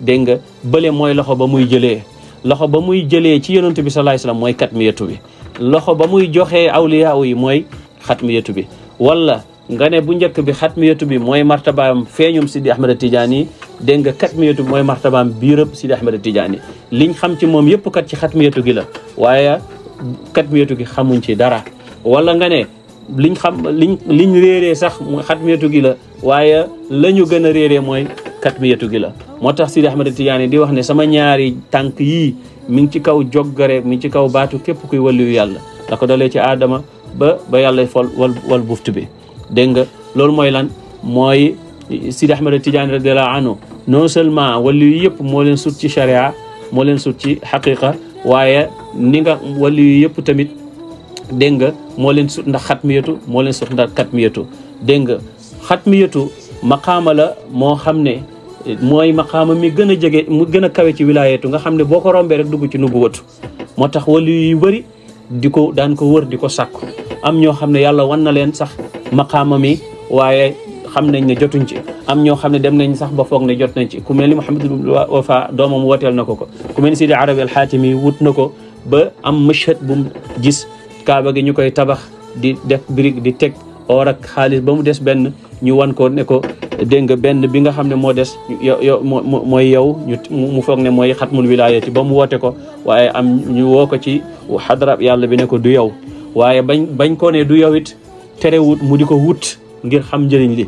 dégg nga bële mooy loxo ba muy jëlee loxo ba muy jëlee ci yonent bi sallallahu alayhi wasallam mooy xatmiyatu bi loxo ba muy joxee awliyaaw yi mooy xatmiyatu bi wala nga ne bu njëkk bi xatmiyatu bi mooy martabaam feeñum Sidi Ahmed Tidiane yi dégg nga xatmiyatu bi mooy martabaam biirëb Sidi Ahmed Tidiane yi liñ xam ci moom yëpp kat ci xatmiyatu gi la waaye xatmiyatu gi xamuñ ci dara wala nga ne liñ xam liñ liñ réeree sax xatmiyatu gi la waaye la ñu gën a réeree mooy xatmiyatu gi la moo tax Sidi Ahmad Tijaani di wax ne sama ñaari tànk yii mi ngi ci kaw joggare mi ci kaw baatu képp kuy waliyu yàlla da ko dolee ci aadama ba ba yàlla fol wal wal buft bi dégg nga loolu mooy lan mooy Sidi Ahmad Tijaani radiallahu anhu non seulement waliyu yëpp moo leen sut ci charia moo leen sut ci xaqiqa waaye ni nga waliyu yëpp tamit dégg nga moo leen sut ndax xatmiyatu moo leen sut ndax katmiyatu dégg nga xatmiyatu maqaama la moo xam ne mooy maqaama mi gën a jege mu gën a kawe ci wilaayatu nga xam ne boo ko rombee rek dugg ci nubuwatu moo tax wali yu bëri di ko daan ko wër di ko sàkku am ñoo xam ne yàlla wan na leen sax maqaama mi waaye xam nañ ne jotuñ ci am ñoo xam ne dem nañ sax ba foog ne jot nañ ci ku mel ni Mouhamadul Wafa doomam wooteel na ko ko ku mel ni Sidi Arabi al wut na ko ba am mashhad bu mu gis kaaba gi ñu koy tabax di def brique di teg orak xaalis ba mu des benn ñu wan ko ne ko dégg nga benn bi nga xam ne moo des yo yo mooy yow ñu mu foog ne mooy xatmul wilaayati ba mu woote ko waaye am ñu woo ko ci xadarab yàlla bi ne ko du yow waaye bañ bañ ko ne du yow tere terewut mu di ko wut ngir xam njëriñ li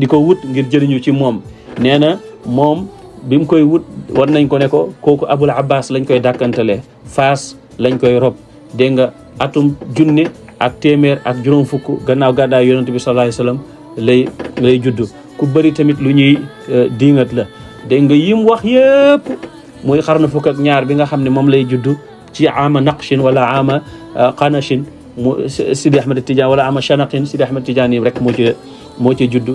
di ko wut ngir jëriñu ci moom nee na moom bi koy wut war nañ ko ne ko kooku abul abbas lañ koy dàkkantalee fas lañ koy rob dégg atum junne ak téeméer ak juróom fukk gannaaw gàddaay yonent bi sallallahu alayhi wasallam lay lay judd ku bëri tamit lu ñuy euh, dingat la dégg nga yim wax yëpp muy xarnu fukk ak ñaar bi nga xam ne moom lay juddu ci ama naqshin wala ama euh, qanashin mu Sidi Ahmed Tidiane wala ama chanaqin Sidi Ahmed Tidiane yi rek moo ci moo ci judd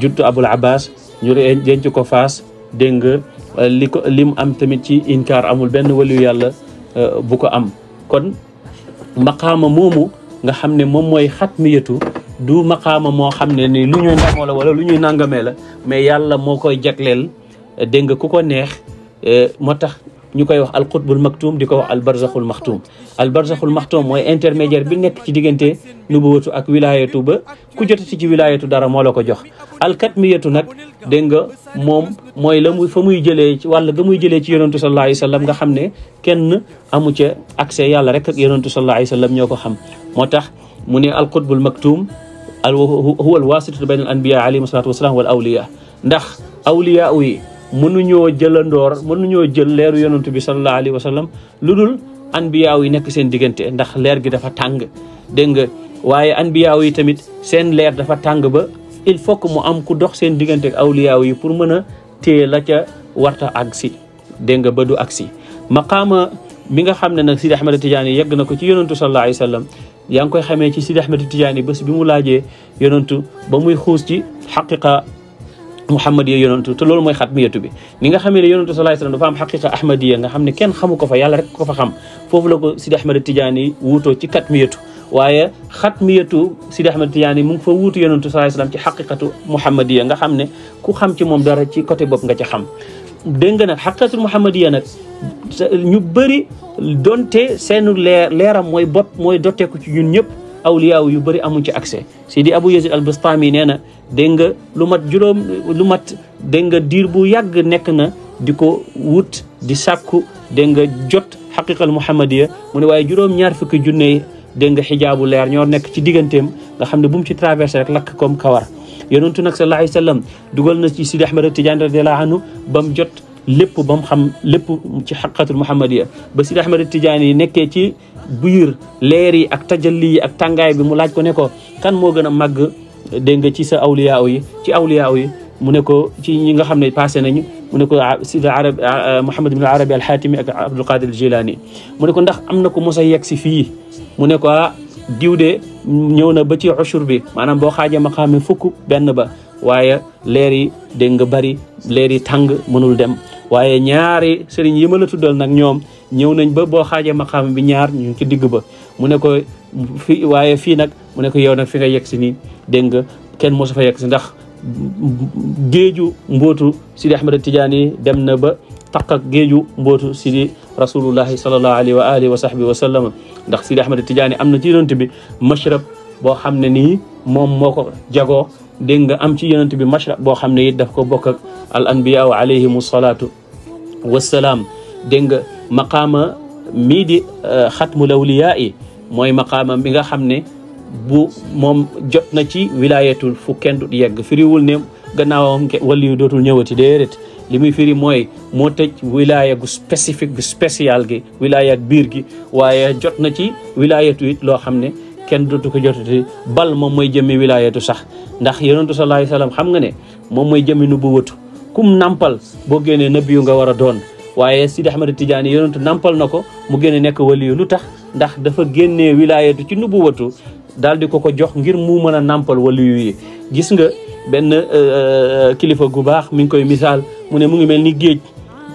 judd Abul Abbas ñu denc ko faas dégg nga euh, li lim am tamit ci inkaar amul benn waliyu yàlla bu ko am kon maqaama moomu nga xam ne moom mooy xatmiyatu du maqaama moo xam ne ni lu ñuy ndamoo la wala lu ñuy nangamee la mais yàlla moo koy jagleel dégg nga ku ko neex eh, moo tax ñu koy wax alqutbul maktum di ko wax albarzaxul maxtum maxtum mooy intermédiaire bi nekk ci diggante nubuwatu ak wilaayatu ba ku jotati ci wilaayatu dara moo la ko jox alkatmiyatu nag dégg nga moom mooy la muy fa muy jëlee ci wàll ga muy jëlee ci yonentu sallallahu alayhi wasallam nga xam ne kenn amu ca accès yàlla rek ak yonentu sallallahu alayhi wasallam ñoo ko xam moo tax mu ne al maktum huwa alwasitatu bayna al anbiya alayhim salatu wasalaam wal awliya ndax awliya yi mënuñoo jëlandoor mënuñoo jël leeru yonantu bi sallallahu alayhi wa sallam lu dul an anbiyaaw yi nekk seen diggante ndax leer gi dafa tàng dégg nga waaye anbiyaaw yi tamit seen leer dafa tàng ba il faut que mu am ku dox seen diggante ak awliyaaw yi pour mën a téye la ca warta agsi dégg nga ba du agsi maqaama mi nga xam ne nag Sidi Ahmed Tidiane yegg na ko ci yonantu sallallahu alayhi wa sallam yaa ngi koy xamee ci Sidi Ahmed Tidiane bés bi mu laajee yonantu ba muy xuus muhammadiya yonantu te loolu mooy xatmiyatu bi ni nga xamee ne yonantu sallallahu alayhi wasallam dafa am xaqiqa xam ne kenn xamu ko fa yàlla rek ko fa xam foofu la ko Sidi Ahmad Tidiane wuutoo ci katmiyatu waaye xatmiyatu Sidi Ahmad Tidiane mu ngi fa wuutu yonantu sallallahu alayhi wasallam ci xaqiqatu muhammadiya nga xam ne ku xam ci moom dara ci côté bopp nga ci xam dégg nga nag xaqiqatu muhammadiya nag ñu bëri donte seenu leer leeram mooy bopp mooy dotteeku ci ñun ñëpp awliyaaw yu bëri amuñ ci accès Sidi Abu Yazid al Bustami nee na dégg nga lu mat juróom lu mat dégg nga diir bu yàgg nekk na di ko wut di sàkku dégg nga jot xaqiqal muhammadiya mu ne waaye juróom ñaar fukki junne dégg nga xijaabu leer ñoo nekk ci digganteem nga xam ne bu mu ci traversé rek lakk kom kawar yonentu nag sallallahu alayhi wa sallam dugal na ci Sidi Ahmed Tidiane radiallahu anhu ba mu jot lépp ba mu xam lépp ci xaqiqatul muhammadiya ba Sidi Ahmed Tidiane yi nekkee ci buyur leer yi ak tajalli yi ak tàngaay bi mu laaj ko ne ko kan moo gën a màgg dégg nga ci sa awliyaaw yi ci awliyaaw yi mu ne ko ci ñi nga xam ne passé nañu mu ne ko ah, sida arab ah, ah, Muhammad ibn Arabi al-Hatimi ak mu ne ko ndax am na ko mosa a yegg si fii mu ne ko ah diw de ñëw na ba ci ushur bi maanaam boo xaajee ma xamee fukk benn ba waaye leer yi dégg nga bari leer yi tàng mënul dem waaye ñaari sëriñ yi ma nag ñoom ñëw nañ ba boo xaajee maqaama bi ñaar ñu ci digg ba mu ne ko fi waaye fii nag mu ne ko yow nag fi nga yegg si nii dégg nga kenn mosu fa yegg si ndax géeju mbootu Sidi Ahmad Tijaani dem na ba taq ak géeju mbootu Sidi rasulullahi salallahu alayhi wa alihi wa sahbi wa sallam ndax Sidi Ahmad Tijaani am na ci yonent bi mashrab boo xam ne nii moom moo ko jagoo dégg nga am ci yonent bi mashrab boo xam ne it daf ko bokk ak al anbiyaa alayhimu salaatu wassalaam dégg nga maqaama mii di xatmul euh, awliyaa yi mooy maqaama bi nga xam ne bu moom jot na ci wilaayatul fu kenn du yegg firiwul ne gannaawam wali yu dootul ñëwati déedéet li muy firi mooy moo tëj wilaya gu spécifique gu gi wilaya biir gi waaye jot na ci wilayatu it loo xam ne kenn dootu ko jot bal moom mooy jëmmi wilayatu sax ndax yonentu sallallahu alayhi wasallam xam nga ne moom mooy jëmmi nu bu wëtu kum nampal boo génnee nabiyu nga war a doon waaye Sidi Ahmed Tidiane yonentu nampal na ko mu génne nekk waliyu lu tax ndax dafa génnee wilaayatu ci nu nubuwatu daal di ko ko jox ngir mu mën a nampal waliyu yi gis nga benn euh, euh, kilifa gu baax mi ngi koy misaal mu ne mu ngi mel ni géej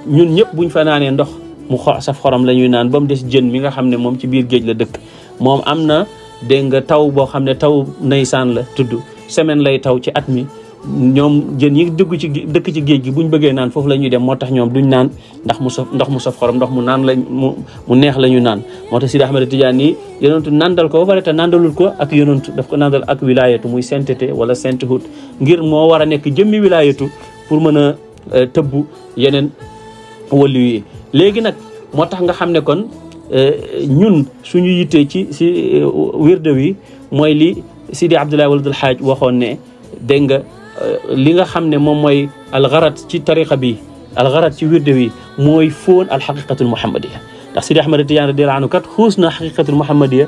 ñun ñëpp buñ fa naanee ndox mu xo saf xorom lañuy naan ba mu des jën mi nga xam ne moom ci biir géej la dëkk moom am na dégg nga taw boo xam ne taw naysaan la tudd semaine lay taw ci at mi ñoom jën yi dugg ci dëkk ci géej gi bu ñu bëggee naan foofu la ñuy dem moo tax ñoom duñ naan ndax mu saf ndox mu saf ndox mu naan lañ mu mu neex la ñu naan moo tax Sidi Ahmed Tidiane yi yonentu nandal ko ba pare te nandalul ko ak yonentu daf ko nandal ak wilayatu muy sainteté wala sainthood ngir moo war a nekk jëmmi wilayatu pour mën a euh, tëbb yeneen wàllu yi léegi nag moo tax nga xam ne kon euh, ñun suñu yittee ci si euh, wirde wi mooy li Sidi Abdoulaye Waladul waxoon ne dégg nga li nga xam ne moom mooy alxarat ci tariqa bi alxarat ci wirde wi mooy fóon alxaqiqatul muhammadiya ndax Sidi Ahmad Tijaan radiyallaahu anhu kat xuus na xaqiqatul muhammadiya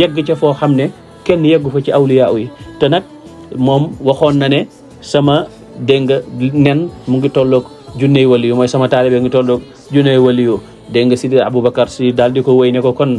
yegg ca foo xam ne kenn yeggu fa ci awliyaa yi te nag moom waxoon na ne sama dégg nga nen mu ngi junne junney waliyu mooy sama taalibe ngi tolloog junney waliyu dégg nga Sidi Aboubacar si daal di ko woy ne ko kon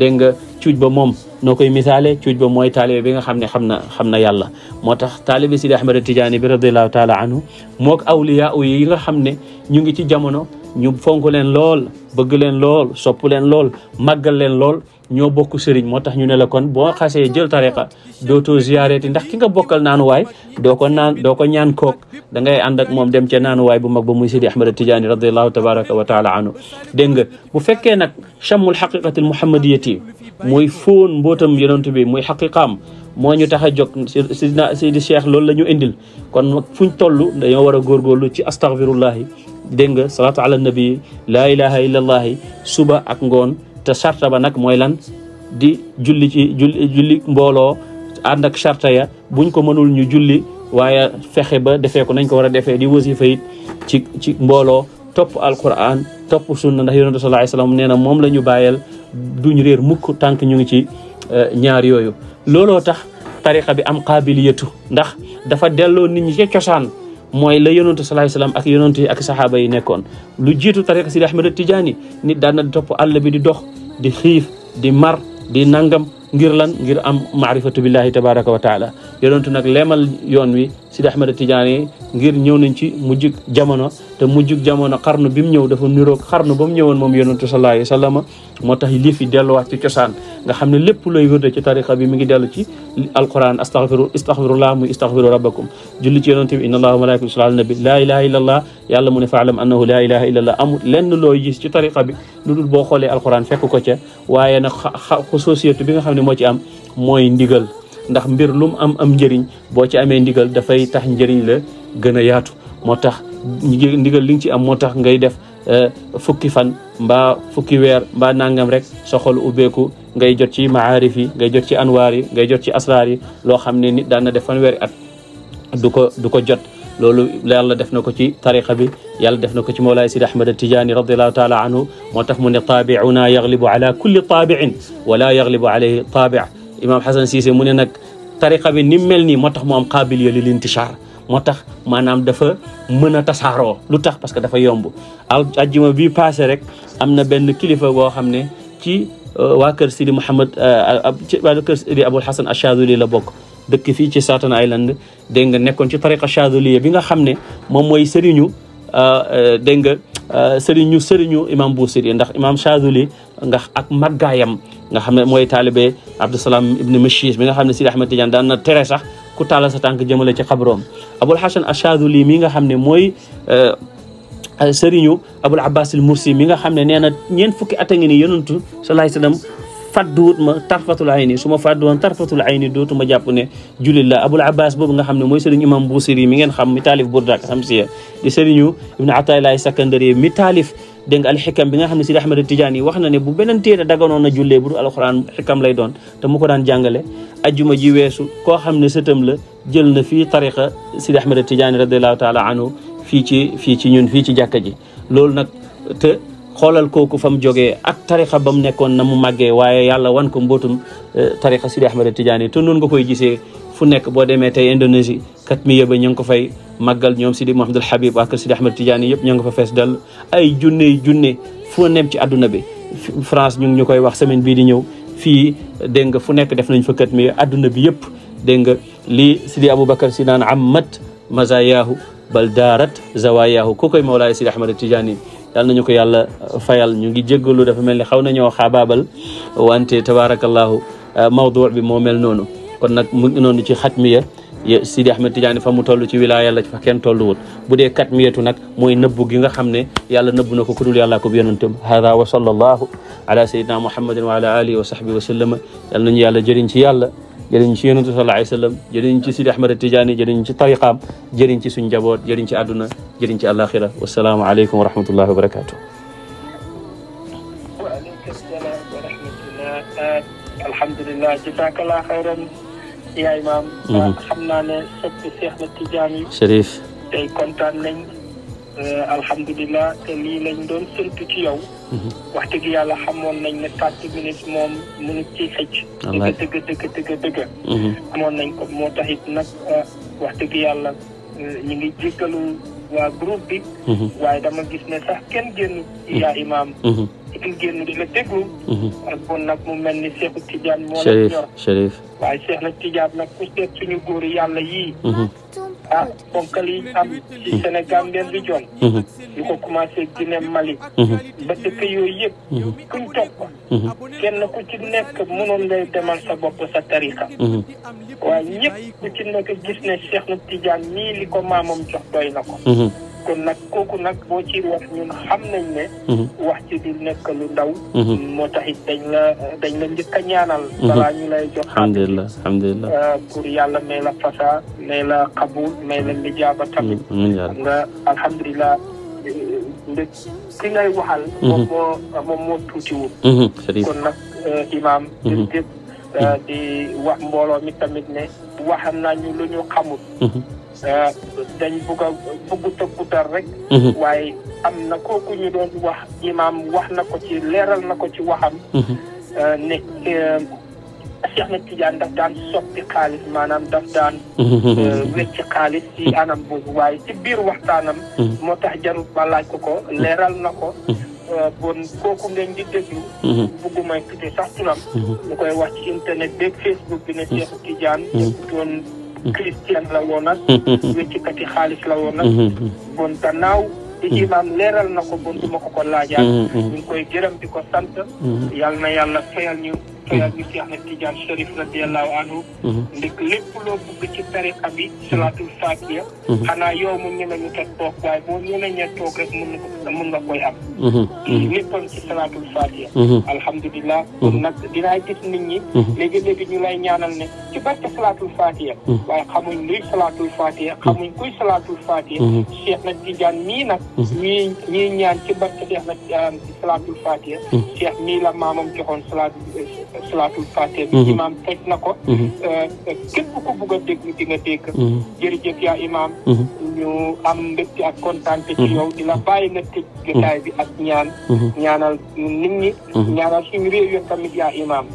dégg nga cuuj ba moom noo koy misaale cuuj ba mooy taalibe bi nga xam ne xam na xam na yàlla moo tax taalibe Sidi Ahmed Tidiane bi radiallahu taala anhu mook awliya yi nga xam ne ñu ngi ci jamono ñu fonk leen lool bëgg leen lool sopp leen lool màggal leen lool ñoo bokk sëriñ moo tax ñu ne la kon boo xasee jël tariqa dootoo ziyaareti ndax ki nga bokkal naanuwaay doo ko naan doo ko ñaan kook da ngay ànd ak moom dem ca naanuwaay bu mag ba muy Sidi Ahmed Tidiane radiallahu tabaraka wa taala anhu dégg nga bu fekkee nag chammul xaqiqatil muy fóon mbootam yonent bi muy xaqiqaam moo ñu tax a jóg sidna sidi cheikh loolu la ñu indil kon fuñ toll dañoo war a góorgóorlu ci astaghfirullahi dégg nga salaatu ala nabi laa ilaha illallahi suba ak ngoon te sarta ba nag mooy lan di julli ci julli julli mbooloo ànd ak sarta ya buñ ko mënul ñu julli waaye fexe ba defee ko nañ ko war a defee di wasifa it ci ci mbooloo topp alquran topp sunna ndax yonente sallallahu alayhi salaam nee na moom la ñu bàyyeel duñu réer mukk tànk ñu ngi ci eh, ñaar yooyu looloo tax tariqa bi am qaabiliyatu ndax dafa delloo nit ñi ca cosaan mooy la yonente sallallahu alayhi wasallam ak yonente yi ak saxaaba yi nekkoon lu jiitu tariqa Sidi Ahmed Tidiane nit daan na topp àll bi di dox di xiif di mar di nangam ngir lan ngir am maarifatu billahi tabaraka wa taala yonentu nag leemal yoon wi Sidi Ahmed Tidiane ngir ñëw nañ ci mujjug jamono te mujjug jamono xarnu bi mu ñëw dafa niroog xarnu ba mu ñëwoon moom yonentu sallallahu alayhi wa sallam moo tax lii fi delluwaat ci cosaan nga xam ne lépp looy wërde ci tariqa bi mi ngi dellu ci alquran astaghfiru istaghfirullah muy istaghfiru rabbakum julli ci yonente bi inna allaha malaikatu yusalluna ala nabi laa ilaha illa allah yàlla mu ne faalam annahu laa ilaha illa allah amul tariqa bi lu dul boo xoolee alquran fekk ko ca waaye nag xususiyatu bi nga xam ne ma ci am mooy ndigal ndax mbir lu am am njëriñ boo ci amee ndigal dafay tax njëriñ la gën a yaatu moo tax ndigal li ci am moo tax ngay def euh, fukki fan mbaa fukki weer mbaa nangam rek sa xol ubbeeku ngay jot ci maarif yi ngay jot ci anwaar yi ngay jot ci asraar loo xam ne nit daan na def fanweeri at du jot loolu yàlla def na ko ci tariqa bi yàlla def na ko ci moolaay sidi ahmad atijaani radiallahu taala anhu moo tax mu ne taabiuna yaglibu ala kulli taabiin wala yaglibu alayhi taabi imam hasan siise mu ne nag tariqa bi ni mel nii moo tax mu am qaabiliya lil intichar moo tax maanaam dafa mën a tasaaroo lu tax parce que dafa yomb al ajjuma bii passé rek am na benn kilifa boo xam ne ci euh, waa kër sidi mouhamad euh, waa kër sidi abul hasan achaduli la bokk dëkk fii ci Staten Island dégg nga nekkoon ci tariqa chadiliya bi nga xam ne moom mooy sëriñu euh, euh, dégg nga euh, sëriñu sëriñu imam Busiri ndax imam Chadili nga ak màggaayam nga xam ne mooy taalibe Abdusalaam ibn Machis bi nga xam ne Sidi Ahmed Tidiane daan na tere sax ku taalal sa tànk jëmale ci xabroom Abul Hasan Achadili mi nga xam ne mooy sëriñu Abul Abbas al Mursi mi nga xam ne nee na ñeent fukki at a ngi nii fàdduwut ma tarfatul ayni su ma fàdduwoon tarfatul ayni jàpp ne jullit la abul abbas boobu nga xam ne mooy sëriñ imam busiri mi ngeen xam mi taalif burdak samsiya di sëriñu ibnu atailaay sakandari mi taalif dégg alxikam bi nga xam ne sidi ahmad tijaani wax na ne bu beneen téere daganoon na jullee bu alxuraan xikam lay doon te mu daan jàngale ajjuma ji weesu koo xam ne sëtam la jël na fii tariqa sidi ahmad tijaani radiallahu taala anhu ji loolu nag xoolal kooku fa mu jógee ak tarixa ba mu nekkoon na mu màggee waaye yàlla wan ko mbootum eh, tarixa Sidi Ahmed Tidiane te noonu nga koy gisee fu nekk boo demee tey Indonésie kat mi yëba ñu ngi ko fay màggal ñoom Sidi Mouhamadul Habib waa kër Sidi Ahmed Tidiane yëpp ñoo ngi ko fa fees dell ay junne junne foo nem ci àdduna bi France ñu ngi ñu koy wax semaine bii di ñëw fii dégg nga fu nekk def nañ fa kat mi àdduna bi yëpp dégg nga lii Sidi Aboubacar si naan ammat mazayaahu bal daarat zawayaahu kookoy Mawlaay Sidi Ahmed Tidiane yal nañu ko yàlla uh, fayal ñu ngi jéggalu dafa mel ni xaw nañoo xaabaabal wante tabaarakallahu uh, mawdu bi moo mel noonu kon nag mu ngi noonu ci xatmiya Sidi Ahmed Tidiane fa mu toll ci wilaaya la fa kenn tolluwul bu dee katmiyatu nag mooy nëbbu gi nga xam ne yàlla nëbbu na ko ku dul yàlla ko yonentam hada wa sallallahu ala sayyidina muhammadin wa ala alihi wa sahbihi wa sallama yal nañu yàlla jëriñ ci yàlla jëriñ ci yonentu sallallahu alayhi wa sallam jëriñ ci Sidi Ahmad Tijaani jëriñ ci tariqaam jëriñ ci suñ njaboot jëriñ ci àdduna jëriñ ci àllaaxira wasalaamu aleykum wa rahmatullahi wa barakaatu waaleykum salaam wa rahmatullah alhamdulilah jazaakallah xayran yaay maam mhm. xam Euh, alhamdulilah te lii lañ doon séntu ci yow. Mhm. wax dëgg yàlla xamoon nañ ne trente minutes moom mënut ci xëcc. dëgg dëgg dëgg dëgg dëgg. Mhm. xamoon nañ ko moo taxit nag euh, wax dëgg yàlla euh, ñu ngi jéggalu waa groupe bi. Mhm. waaye dama gis ne sax kenn génn yaa imaam. kenn génn di la déglu. ak bon nag mu mel ni Cheikh la ñor. ah ponkal yi am ci Sénégal ngeen di joon mhm. ñu ko commencé Guinée Mali mhm. ba dëkk yooyu yëpp mhm. kuñ topp kenn ku ci nekk mënoon ngay demal sa bopp sa tarixa waaye ñëpp ku ci nekk gis ne Cheikh Tidiane nii li ko maamam jox doy na ko kon nag kooku nag boo ci wax ñun xam nañ ne. Mhm. wax ci du nekk lu ndaw. Mhm. moo tax it dañ la dañ la njëkk a ñaanal. Mhm. balaa ñu lay jox. alhamdulilah alhamdulilah euh, pour yàlla may la fasa may la xabul may la lijaaba tamit. Mm, xam nga alhamdulilah. Euh, ndëg ki ngay waxal. moom moo moom moo tuutiwul. kon nag euh, imaam. jërëjëf di wax mbooloo mi tamit ne waxam nañu lu ñu xamul. Euh, dañ bugg a bugg tëkkutal rek. Mhm. waaye am na kooku ñu doon wax imaam wax na ko ci leeral na ko ci waxam. Mhm. Euh, ne euh, Cheikh na Tidiane daf daan soppi xaalis maanaam daf daan. Mhm. wecc xaalis ci anam boobu waaye ci biir waxtaanam. moo tax jarul ma laaj ko leeral na ko. bon kooku ngeen di déglu. bugguma tuddee sax turam. ñu koy wax ci internet beeg Facebook bi ne Cheikh Tidiane. doon. christian la woon nag mhm. wéccikati xaalis la woon nag mhm. bon gannaaw di mhm. imaam leeral na ko bon duma ko ko laajaat ñu koy gërëm di ko sant yal na yàlla fayal ñu ñu Cheikh Ahmed Tidiane Chérif radiallahu anhu ndik lépp loo bëgg ci tariqa bi salaatul fatiha xanaa yow mu ñeme ñu teg toog waaye boo ñemeñee toog rek mën nga mën nga koy am léppam ci salaatul fatiha alhamdulilah kon nag dinaa gis nit ñi léegi-léegi ñu lay ñaanal ne ci barke salaatul fatiha waaye xamuñ luy salaatul fatiha xamuñ kuy salaatul fatiha Cheikh Ahmed Tidiane mii nag ñii ñii ñaan ci barke Cheikh Ahmed Tidiane salaatul fatiha Cheikh mii salaatul faatiha mhm. bi imaam teg na ko mhm. euh, euh, képp ku bugg a déglu di nga dégg mhm. jërëjëf yaa imaam ñu am mbégte ak kontaante ci yow di la bàyyi nga tëj jotaay bi ak ñaan ñaanal nit ñi ñaanal suñu réew yoon tamit yaa imaam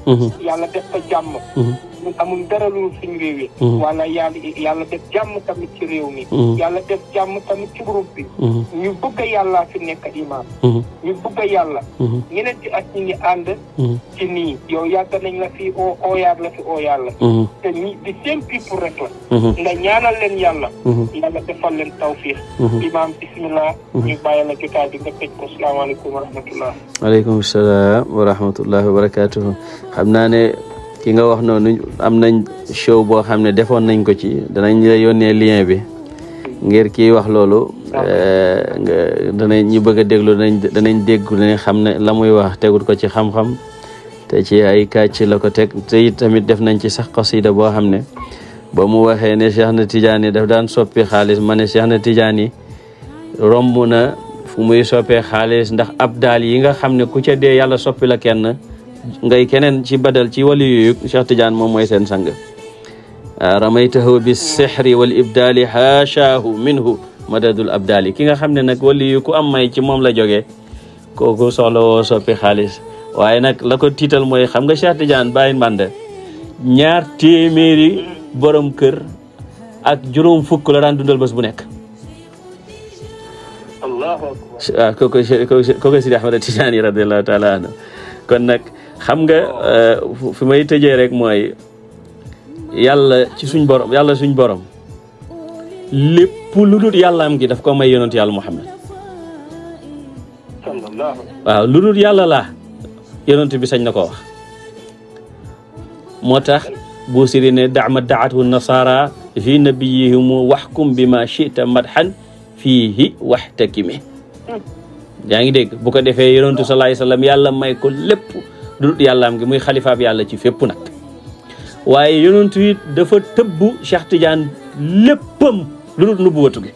yàlla def fa jàmm ñun amul dara lu suñu réew yi mm-hmm. wala yàlla yàlla def jàmm tamit ci réew mi mm-hmm. yàlla def jàmm tamit ci groupe bi mm-hmm. ñu bëgg a yàlla fi nekk imaam ñu bëgg a yàlla ñeneenti at ñi ngi ànd ci nii yow yàgg nañ la fi o ooyaar la fi ooyaar la te ni di seen people rek la nga ñaanal leen yàlla yàlla defal leen tawfiix imaam bismillah ñu bàyyi la jotaay bi nga tëj ko salaamaaleykum wa rahmatullah aleykum salaam wa rahmatullah wa barakatuh xam naa ne ki nga wax noonu am nañ show boo xam ne defoon nañ ko ci danañ la yónnee lien bi ngir kii wax loolu ah. eh, danañ ñi bëgg a déglu danañ danañ dégg danañ xam ne la muy wax tegut ko ci xam-xam te ci ay kàcc la ko teg te tamit def nañ ci sax xasida boo xam ne ba mu waxee ne Cheikh na Tidiane daf daan soppi xaalis ma ne Cheikh na Tidiane romb na fu muy soppee xaalis ndax ab daal yi nga xam ne ku ca dee yàlla soppi la kenn ngay keneen ci badal ci wali yooyu Cheikh Tidiane moom mooy seen sang ah, ramaytahu bi sixri wal ibdaali haashaahu minhu madadul abdaali ki nga xam ne nag wali yu am may ci moom la jógee kooku soxla woo soppi xaalis waaye nag la ko tiital mooy xam nga Cheikh Tidiane bàyyi mbànd ñaar téeméeri borom kër ak juróom fukk la daan dundal bés bu nekk waaw ah, kooku kooku Sidi xam nga eh, fi may tëjee rek mooy yàlla ci suñ borom yàlla suñ borom lépp lu dul yàlla am ki daf ko may yonent yàlla Muhammad waaw lu dul yàlla la yonent bi sañ na ko wax moo tax bu siri ne dama daatu nasara fi nabiyihimu waxkum bi ma chita madhan fiihi waxtakime yaa ngi dégg bu ko defee yonentu salaay salaam yàlla may ko lépp du yàllaam gi muy xalifaab yàlla ci fépp nag waaye yonent yi dafa tëbbu Cheikh léppam lu dul nubuwatu gi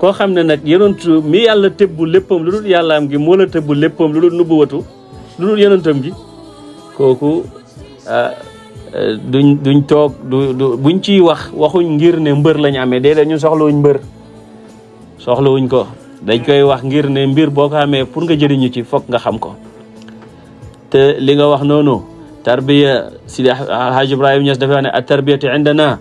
koo xam ne nag yonent mi yàlla tëbbu léppam lu dul yàllaam gi moo la tëbbu léppam lu dul nubuwatu lu dul yonentam gi kooku ah, duñ duñ toog buñ ciy wax waxuñ ngir ne mbër lañ amee déedéet ñun soxlawuñ mbër soxlawuñ ko dañ koy wax ngir ne mbir boo ko xamee pour nga jëriñu ci foog nga xam ko te li nga wax noonu tarbiya sidi alhaaj ibrahim ñes dafa ne at tarbiyatu indana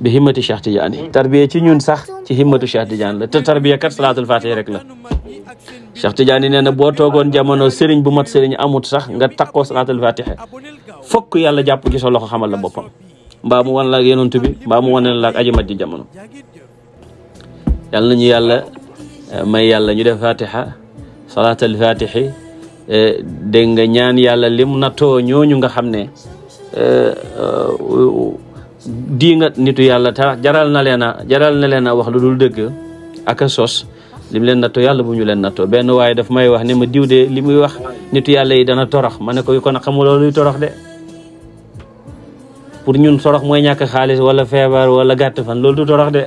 bi himmati cheikh tidiane tarbiya ci ñun sax ci himmatu cheikh tidiane la te tarbiya kat salaatul fatiha rek la cheikh tidiane nee na boo toogoon jamono sëriñ bu mat sëriñ amut sax nga takkoo salaatul fatiha fokk yàlla jàpp ci sa loxo xamal la boppam mbaa mu wan la ak yonent mbaa mu wan la ak aji mat ji jamono Eh, may yàlla ñu def fatiha salaatal fatihi eh, dégg nga ñaan yàlla lim nattoo ñooñu nga xam ne eh, dii nga nitu yàlla ta jaral na leen jaral na leen wax lu dul dëgg ak sos lim leen nattoo yàlla bu ñu leen nattoo benn waaye daf may wax ne ma diw de li muy wax nitu yàlla yi dana torox ma ne ko kon xamuloo luy torox de pour ñun torox mooy ñàkk xaalis wala feebar wala gàtt fan loolu torox de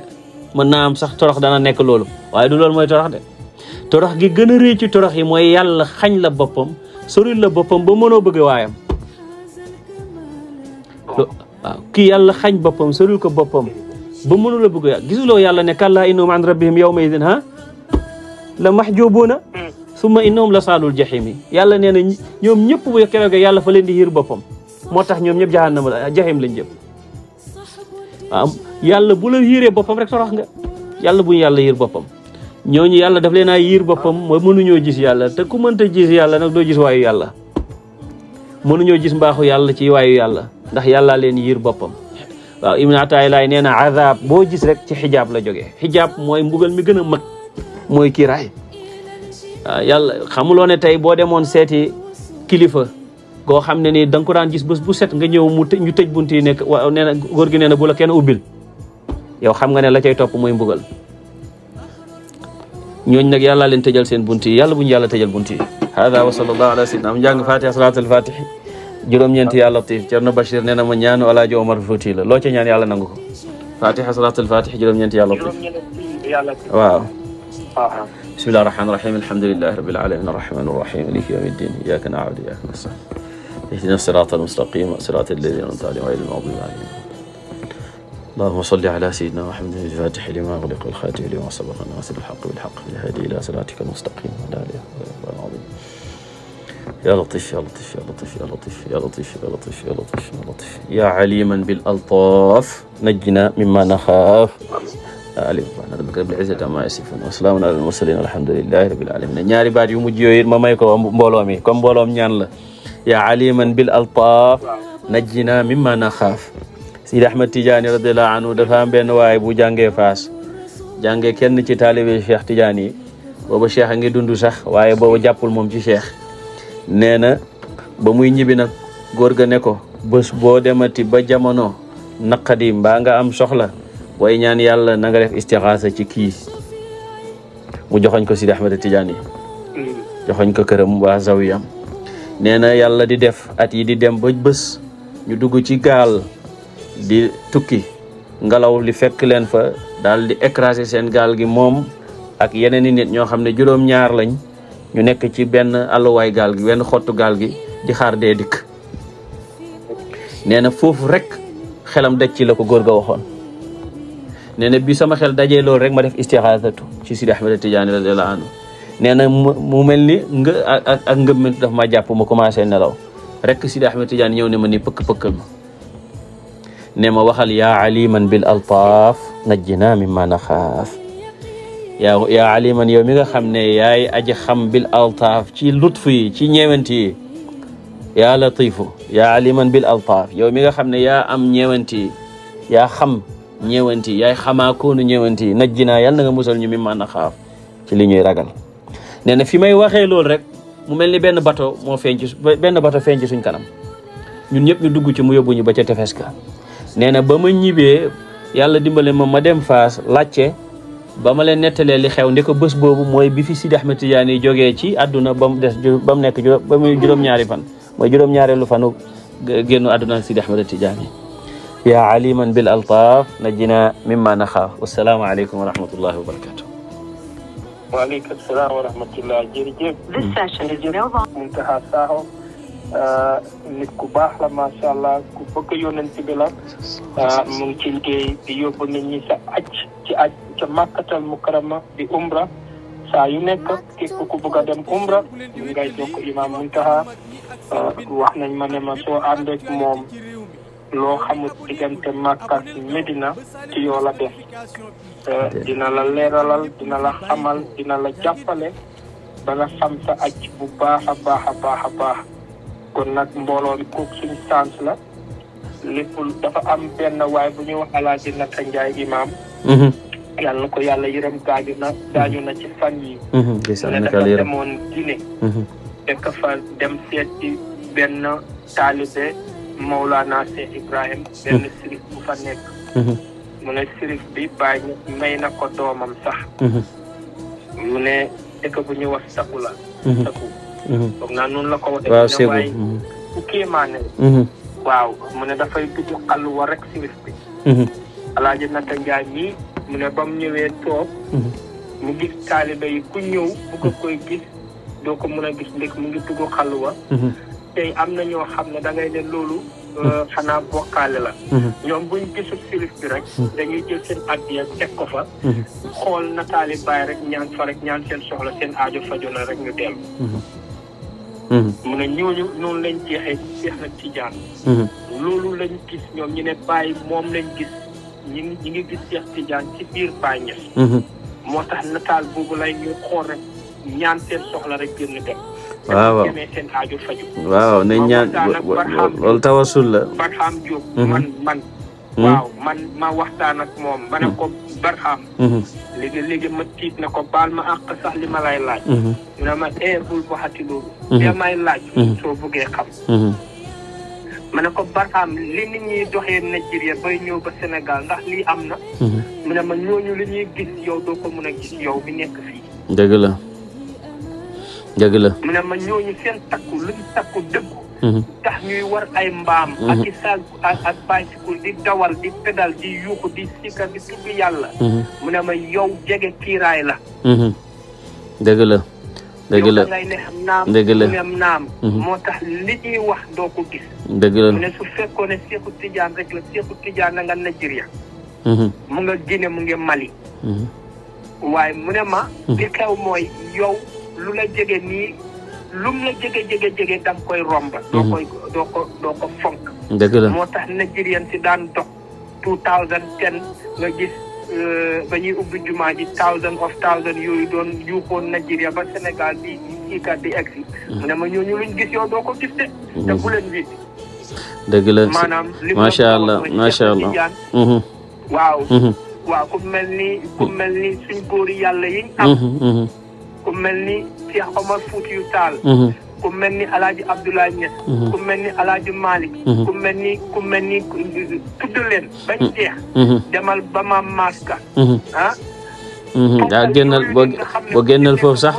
mën naa am sax torox dana nekk loolu waaye du loolu mooy torox de torox gi gën a rëy ci torox yi mooy yàlla xañ la boppam soril la boppam ba mënoo bëgg waayam waaw kii yàlla xañ boppam soril ko boppam ba mënu la bëgg waay gisuloo yàlla ne kallaa innahum an rabbihim yawma idin ha la mahjubuuna hmm. summa innahum la saalul jaxiim yi yàlla nee na ñoom ñëpp bu keroog yàlla fa leen di yër boppam moo tax ñoom ñëpp jahannama la jaxiim lañ jëm ah yàlla bu la yiiree boppam rek sorox nga yàlla bu yàlla yiir boppam ñooñu yàlla daf leen a yiir boppam mooy mënuñoo gis yàlla te ku mënta gis yàlla nag doo gis waayu yàlla mënuñoo gis mbaaxu yàlla ci waayu yàlla ndax yàllaa leen yiir boppam waaw Ibn Ataay laay nee na azab boo gis rek ci xijaab la jógee xijaab mooy mbugal mi gën a mag mooy kiiraay waaw yàlla boo demoon seeti kilifa goo xam ne ni da nga ko daan gis bés bu set nga ñëw mu ñu tëj bunt yi nekk wa nee na góor gi nee na bu la kenn ubbil yow xam nga ne la cay topp mooy mbugal ñooñ nag yàlla leen tëjal seen bunt yi yàlla bu ñu yàlla tëjal bunt yi hada wa sallallahu ala sayyidina am njàng fatiha salaatul fatihi juróom-ñeenti yàlla latif Cerno Bachir nee na ma ñaanu Alaaji Omar Fouti la loo ca ñaan yàlla nangu ko fatiha salaatul fatihi juróom-ñeenti yàlla latif waaw bismillahi rahmaani rahim alhamdulilahi rabbil alamin arrahmani arrahim maliki yawmi ddin iyyaka na'budu wa iyyaka nasta'in اهدنا الصراط المستقيم صراط الذين أنعمت عليهم غير المغضوب عليهم اللهم صل على سيدنا محمد الفاتح لما أغلق والخاتم لما سبق ناصر الحق بالحق بالهادي إلى صراطك المستقيم وعلى آله وصحبه العظيم يا لطيف يا لطيف يا لطيف يا لطيف يا لطيف يا لطيف يا لطيف يا لطيف يا عليما بالألطاف نجنا مما نخاف alim subhaana rabbika rabbil izzati ammaa yasifuun wa salaamun alal mursaliin alhamdulillahi rabbil aalamiin ñaari baat yu mujj yooyu it ma may ko mbooloo mi comme mbooloom ñaan la yaa aliman bil altaaf najjina mimma naxaaf Sidi Ahmed Tidiane radiallahu anhu dafa am benn waay bu jàngee faas jàngee kenn ci taalibe Cheikh Tidiane yi booba Cheikh a ngi dund sax waaye booba jàppul moom ci Cheikh nee na ba muy ñibbi nag góor ga ne ko bés demati ba jamono naqadi mbaa nga am soxla way ñaan yàlla nanga nga def istixaasa ci kii mu joxoñ ko Sidi Ahmed Tidiane yi joxoñ ko këram waa nee na yàlla di def at yi di dem bëj bës ñu dugg ci gaal di tukki ngelaw li fekk leen fa daal di écraser seen gaal gi moom ak yeneen i nit ñoo xam ne juróom-ñaar lañ ñu nekk ci benn alluwaay gaal gi wenn xottu gaal gi di xaar dee dikk nee na foofu rek xelam daj ci la ko góor ga waxoon nee na bi sama xel dajee lool rek ma def istixaasatu ci Sidi Ahmed Tidiane radiyallahu anhu nee na mu mel ni nga ngëm mi daf ma jàpp ma commencé nelaw rekk Sidi Ahmed Tidiane ñëw ne ma ni pëkk-pëkkal ma ne ma waxal yaa aliman bil altaaf najjina mimma naxaaf yaa aliman yow mi nga xam ne yaay aji xam bil altaaf ci lutf ci ñeewant yi yaa latifu yaa aliman bil altaaf yow mi nga xam ne yaa am ñeewant ya xam ñeewant yi yaay xamaakoonu ñeewant yi najjinaa yàlla na nga musal ñu mimma naxaaf ci li ñuy ragal nee na fi may waxee loolu rek mu mel ni benn bato moo feeñ ci benn bato feeñ ci suñ kanam ñun ñëpp ñu dugg ci mu yóbbu ñu ba ca tefes ga nee na ba ma ñibbee yàlla dimbale ma ma dem faas laajte ba ma leen nettalee li xew ndeko bés boobu mooy bi fi Sidi Ahmed Tidiane jógee ci àdduna ba mu des ba mu nekk ba muy juróom-ñaari fan mooy juróom-ñaareelu fanu génnu àdduna ak Sidi Ahmed Tidiane yaa aliman bil altaaf jinaa mimma naxaaf wasalaamu aleykum wa rahmatullahi wa barakatu waaleykum salaam wa rahmatulah jërëjëf. Muntaxa Sakho nit ku baax la macha allah ku bëgg yonent bi la mu ngi ci liggéey di yóbbu nit ñi sa ci aj màkkatal mukarama di umra saa yu nekk képp ku bëgg a dem umra ñu ngay imam Muntaxa uh, wax nañ ma ne ma soo ànd ak moom loo xamut diggante màkka Medina ci yoo la def dina la leeralal dina la xamal dina la jàppale ba nga xam sa aj bu baax a baax a baax kon nag mbooloo mi kooku la lépp dafa am benn waay bu ñuy wax alaaji naka njaay imaam mhm. yàlla na ko yàlla yërëm gaañu na mhm. gaañu na ci fan yi mhm. ne dafa demoon Guinée fekk fa dem seet ci benn taalibe Mawlana Cheikh Ibrahim benn sirif fa nekk mu ne sirif bi bàyyi may na ko doomam sax mhm. mu ne dëkk bu ñu wax saku la mhm. saku mhm. la ko wax waaw mu ne dafay dugg xalwa rek sirif bi alaaji nata njaay mii mu ne ba ñëwee toog mu gis taalibe yi ku ñëw bu ko koy gis doo ko mën a gis ndek mu ngi dugg xalwa tey am na ñoo xam ne da ne loolu Euh, xanaa bokkaale la mhm. ñoom buñ gisul sirif bi rek mhm. dañuy jël seen addiya teg ko fa mhm. xool nataali bàyyi rek ñaan fa rek ñaan seen soxla seen aajo fajo na rek ñu dellu mu ne ñooñu noonu lañ jeexee jeex nag ci jaan loolu lañ gis ñoom ñu ne bàyyi moom lañ gis ñi ñi ngi gis Cheikh Tidiane ci biir Baye Niass moo tax nataal boobu lay ñu xool rek ñaan seen soxla rek génn dem waaw waaw waaw loolu tawasul la barxaam Diop mhm. man man mhm. waaw ma waxtaan moom ma mhm. ko barxaam léegi léegi ma tiit na ko baal ma àq sax li laaj mu ne ma ee eh, bul waxati loolu da may laaj soo buggee xam ma ne ko barxaam li nit ñuy doxee Nigeria bay ñëw ba ndax lii am na mu ne ma li ñuy gis yow doo ko mën a gis yow bi nekk fii dëgg la dëgg la mu ne ma ñooñu seen takku lu ñu takku dëggu mhm. tax ñuy war ay mbaam mhm. ak i saag ak ak di dawal di pedal di yuuxu di sikka di tudd yàlla mhm. mu ne ma yow jege kiiraay la dëgg la dëgg la ngay ne xam moo tax li wax doo ko gis dëgg la mu ne su fekkoon ne Seexu rek la Seexu Tijaan na Nigeria mu nga Guinée mu ngi Mali waaye mu ne ma li xew mooy yow lu la jege nii lum la jege jege jege da koy romb. doo mhm. koy doo ko fonk. dëgg moo tax Nigérian si daan dox 2010 nga gis euh, ba ñuy ubbi jumaa ji thousand of thousand yooyu doon yuuxoon Nigeria ba Sénégal bi kii kat di egg si. Mhm. mu ne ma gis yow doo ko gis de. Mhm. te bu leen maanaam li macha allah waaw. ku mel ni ku mel ni suñ góori yàlla yiñ am. ku mel ni Cheikh Omar Foutiyou Tall mhm. ku mel ni alaaji Abdoulaye Niass mhm. ku mel ni alaaji Malick mhm. ku mel ni ku mel ni tudd leen bañ jeex demal ba maam Maska ah daa génnal boo boo génnal foofu sax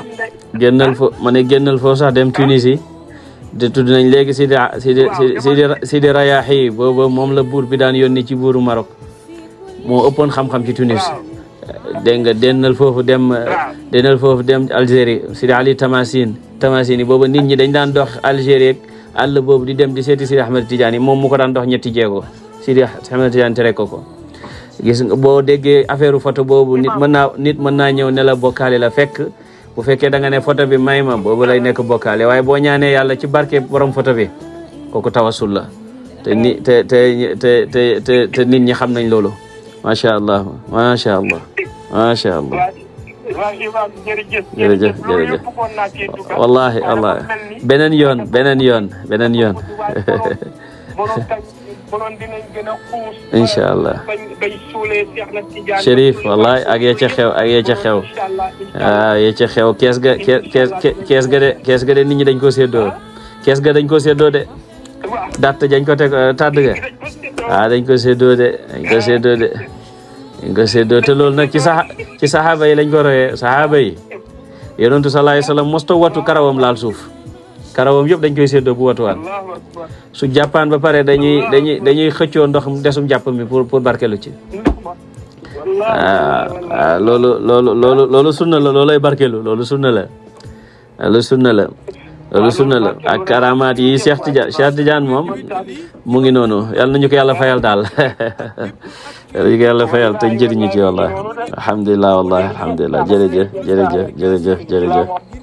génnal foofu ma ne génnal foofu sax dem Tunisie de tudd nañ léegi Sidi Sidi Sidi Sidi Rayaahi booba moom la buur bi daan yónni ci buuru Maroc moo ëppoon xam-xam ci Tunisie dégg nga dennal foofu dem dennal foofu dem Algérie Sidi Ali Tamasin Tamasin yi booba nit ñi dañ daan dox Algérie ak boobu di dem di seeti Sidi Ahmed Tidiane yi moom mu ko daan dox ñetti jéego Sidi Ahmed Tidiane tere ko ko gis nga boo déggee affaire photo boobu nit mën naa nit mën naa ñëw ne la bokkaale la fekk bu fekkee da nga ne photo bi may ma boobu lay nekk bokkaale waaye boo ñaanee yàlla ci barke borom foto bi kooku tawasul la te ni te te te te te nit ñi xam nañ loolu macha allah macha allah macha allah. waaw Imaam beneen yoon beneen yoon beneen yoon. incha allah. Cherif wallaahi ak ya xew ak ya xew. waaw ya xew kees ga kees kees ga de kees ga de nit dañ ko séddoo kees ga dañ ko séddoo de. datt dañ ko teg eh, ga waaw dañ ko séddoo de dañ ko séddoo de. nga séddoo te loolu nag ci sa ci saxaaba yi lañ ko royee saxaaba yi yonentu sallallahu alayhi wasallam mosto watu karawam laal suuf karawam yëpp dañ koy séddoo bu watuwaat su jàppaan ba pare dañuy dañuy dañuy xëccoo ndox desum jàpp mi pour pour barkelu ci ah, ah, loolu loolu loolu loolu sunna la loolay barkelu loolu sunna la loolu sunna la loolu sunna la ak karamaat yi Cheikh Tidiane Cheikh Tidiane moom mu ngi noonu yal nañu ko yàlla fayal daal yal nañu ko yàlla fayal te njëriñu ci wallahi alhamdulilah wallahi alhamdulilah jërëjëf jërëjëf jërëjëf jërëjëf